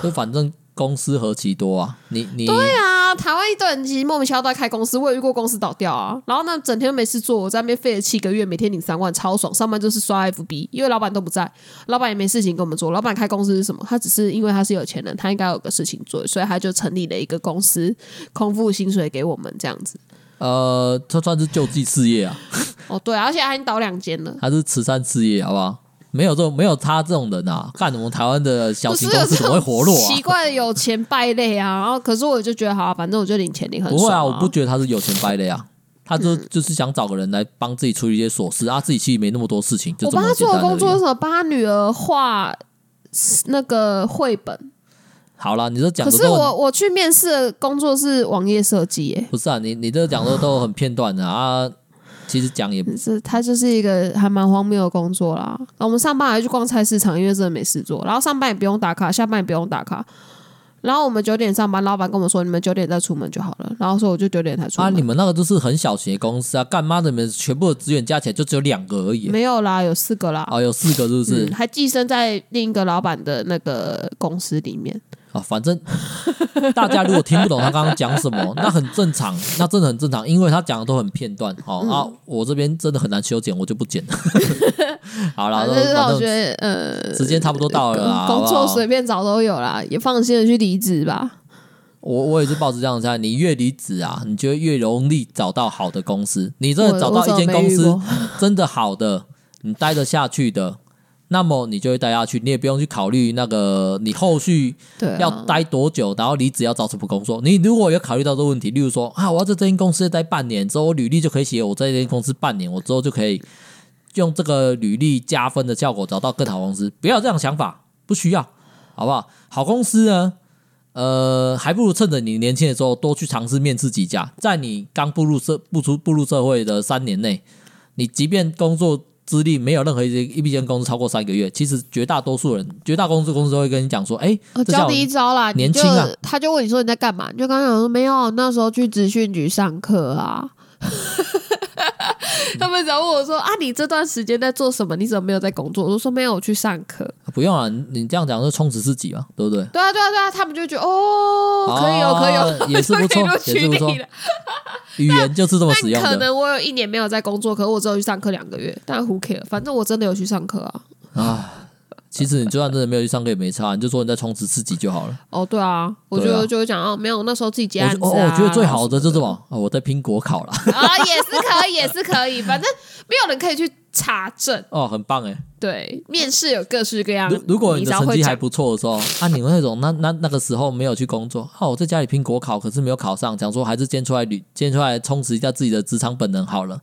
就反正。公司何其多啊！你你對啊，台灣一堆人莫名其妙都在開公司，我有遇過公司倒掉啊。然後呢，整天沒事做，我在那邊廢了七個月，每天領三萬，超爽。上班就是刷 FB，因為老闆都不在，老闆也沒事情給我們做。老闆開公司是什麼？他只是因為他是有錢人，他應該有個事情做，所以他就成立了一個公司，空付薪水給我們這樣子。呃，他算是救濟事業啊。 哦，對啊，而且還已經倒兩間了，還是慈善事業，好不好？沒有這種，沒有他這種人啊，幹我們台灣的小型公司怎麼會活絡，啊、奇怪的有錢敗類啊！ 然後可是我就覺得，好，啊，反正我就領錢領很多，啊。不會啊，我不覺得他是有錢敗類啊。他就，嗯、就是想找個人來幫自己處理一些瑣事，他，啊、自己其實沒那麼多事情。啊，我幫他做的工作是什麼？幫他女兒畫那個繪本。好了，你這講的，可是我我去面試的工作是網頁設計耶，欸。不是啊，你你這講的都很片段的啊。 啊其實講也不是，他就是一個還蠻荒謬的工作啦。我們上班還去逛菜市場，因為真的沒事做。然後上班也不用打卡，下班也不用打卡。然後我們九點上班，老闆跟我們說，你們九點再出門就好了。然後說我就九點才出門。啊，你們那個都是很小型的公司啊，幹媽的，你們全部的資源加起來就只有兩個而已。沒有啦，有四個啦。哦，有四個是不是？嗯，還寄生在另一個老闆的那個公司裡面。啊、哦，反正大家如果聽不懂他剛剛講什麼， 那很正常，那真的很正常，因為他講的都很片段。好、哦嗯、啊，我這邊真的很難修剪，我就不剪了。 好了，反正我覺得，呃，時間差不多到了啦，工作隨便找都有啦。好好，也放心的去離職吧。我我也是抱持這樣子啊，你越離職啊，你就會越容易找到好的公司。你真的找到一間公司真的好的，你待得下去的，那麼你就會待下去，你也不用去考慮那個你後續要待多久，啊、然後你只要找什麼工作。你如果有考慮到這個問題，例如說啊，我要在這間公司待半年之後，履歷就可以寫我在這間公司半年，我之後就可以用這個履歷加分的效果找到更好公司。不要這樣想法，不需要，好不好？好公司呢，呃，還不如趁着你年輕的時候多去嘗試面試幾家，在你剛步入社步出步入社會的三年內，你即便工作。資歷沒有任何一一間，公司超過三個月，其實絕大多數人，絕大多數公司，公司都會跟你講說，哎、欸啊，教你一招啦，年輕啊，他就問你說你在幹嘛，你就剛剛講說沒有，那時候去資訊局上課啊。 他們想問我說：“啊，你這段時間在做什麼？你怎麼沒有在工作？”我就說：“沒有，去上課。啊”不用啊，你這樣講是充實自己嘛，對不對？對啊，對啊，對啊，他們就覺得哦、啊，可以有，可以有，也是不錯， 也是你的。語言就是這麼實用的。 可能我有一年沒有在工作，可是我只有去上課兩個月，但 who cares? 反正我真的有去上課啊。啊。其實你就算真的沒有去上課也沒差，你就說你在充實自己就好了。哦，對啊，我就就會講哦，沒有那時候自己接案子、啊、哦，哦，我覺得最好的就是什麼啊、哦，我在拼國考了。啊、哦，也是可以，也是可以，反正沒有人可以去查證。哦，很棒哎、欸。對，面試有各式各樣。如果，如果你的成績還不錯的時候，啊，你們那種那那那個時候沒有去工作，啊、哦、我在家裡拼國考，可是沒有考上，講說還是兼出來旅，兼出來充實一下自己的職場本能好了。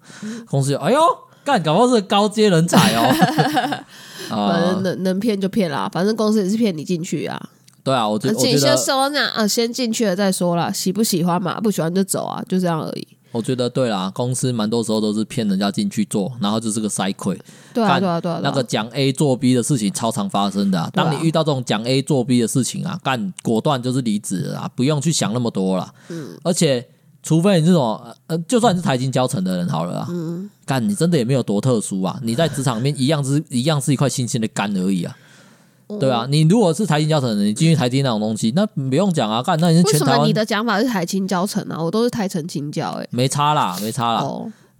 公司有，哎呦，幹，搞不好是高階人才哦。 呃、反正能能騙就騙啦，反正公司也是騙你進去啊。對啊，我進先說那樣啊，先進去了再說啦，喜不喜歡嘛？不喜歡就走啊，就這樣而已。我覺得對啦，公司蠻多時候都是騙人家進去做，然後就是個塞虧。對啊對啊對啊，對啊，那個講 A 做 B 的事情超常發生的、啊啊。當你遇到這種講 A 做 B 的事情啊，幹果斷就是離職啊，不用去想那麼多啦。嗯，而且。除非你這種呃，就算你是台清交成的人好了啊，嗯，幹你真的也沒有多特殊啊，你在職場裡面一樣是一樣是一塊新鮮的肝而已啊，對啊，你如果是台清交成的，你進去台積那種東西，那不用講啊，幹那你是，全台是什麼你的講法是台清交成啊？我都是台成清交，哎，沒差啦，沒差啦，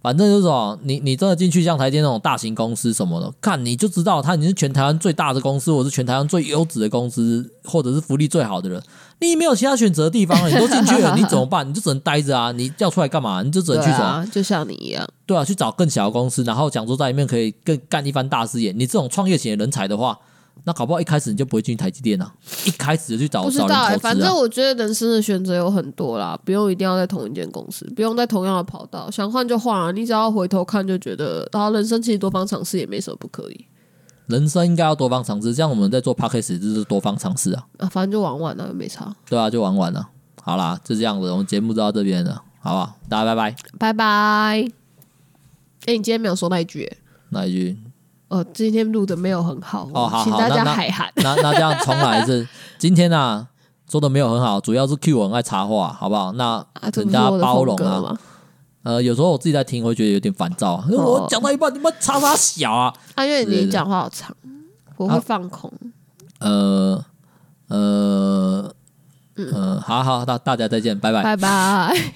反正就是說，你你真的進去像台積那種大型公司什麼的，看你就知道他你是全台灣最大的公司，我是全台灣最優質的公司，或者是福利最好的人。你沒有其他選擇的地方，你都進去了，你怎麼辦？你就只能待着啊！你叫出來幹嘛？你就只能去找、啊，就像你一樣，對啊，去找更小的公司，然後想說在裡面可以更幹一番大事業。你這種創業型的人才的話，那搞不好一開始你就不會進台積電呢、啊，一開始就去找找人投資、啊欸、反正我覺得人生的選擇有很多啦，不用一定要在同一間公司，不用在同樣的跑道，想換就換啊！你只要回頭看，就覺得大家人生其實多方嘗試也沒什麼不可以。人生應該要多方嘗試，這樣我們在做 podcast 就是多方嘗試啊。啊，反正就玩玩了沒差。對啊，就玩玩了好啦，就這樣子，我們節目就到這邊了，好不好？大家拜拜。拜拜。哎、欸，你今天沒有說那一句、欸。那一句。哦、呃。今天錄的沒有很好。哦，好，好，請大家海涵。那那， 那，那，那這樣重來一次。今天呢、啊，說的沒有很好，主要是 Q 很愛插話，好不好？那請大家包容啊。啊呃，有時候我自己在聽，會覺得有點煩躁、啊。我、oh. 講到一半，你們叉叉笑啊！阿、啊、月，因為你講話好長，我會放空、啊。呃呃、嗯、呃好好，好大家再見，拜、嗯、拜拜拜。拜拜。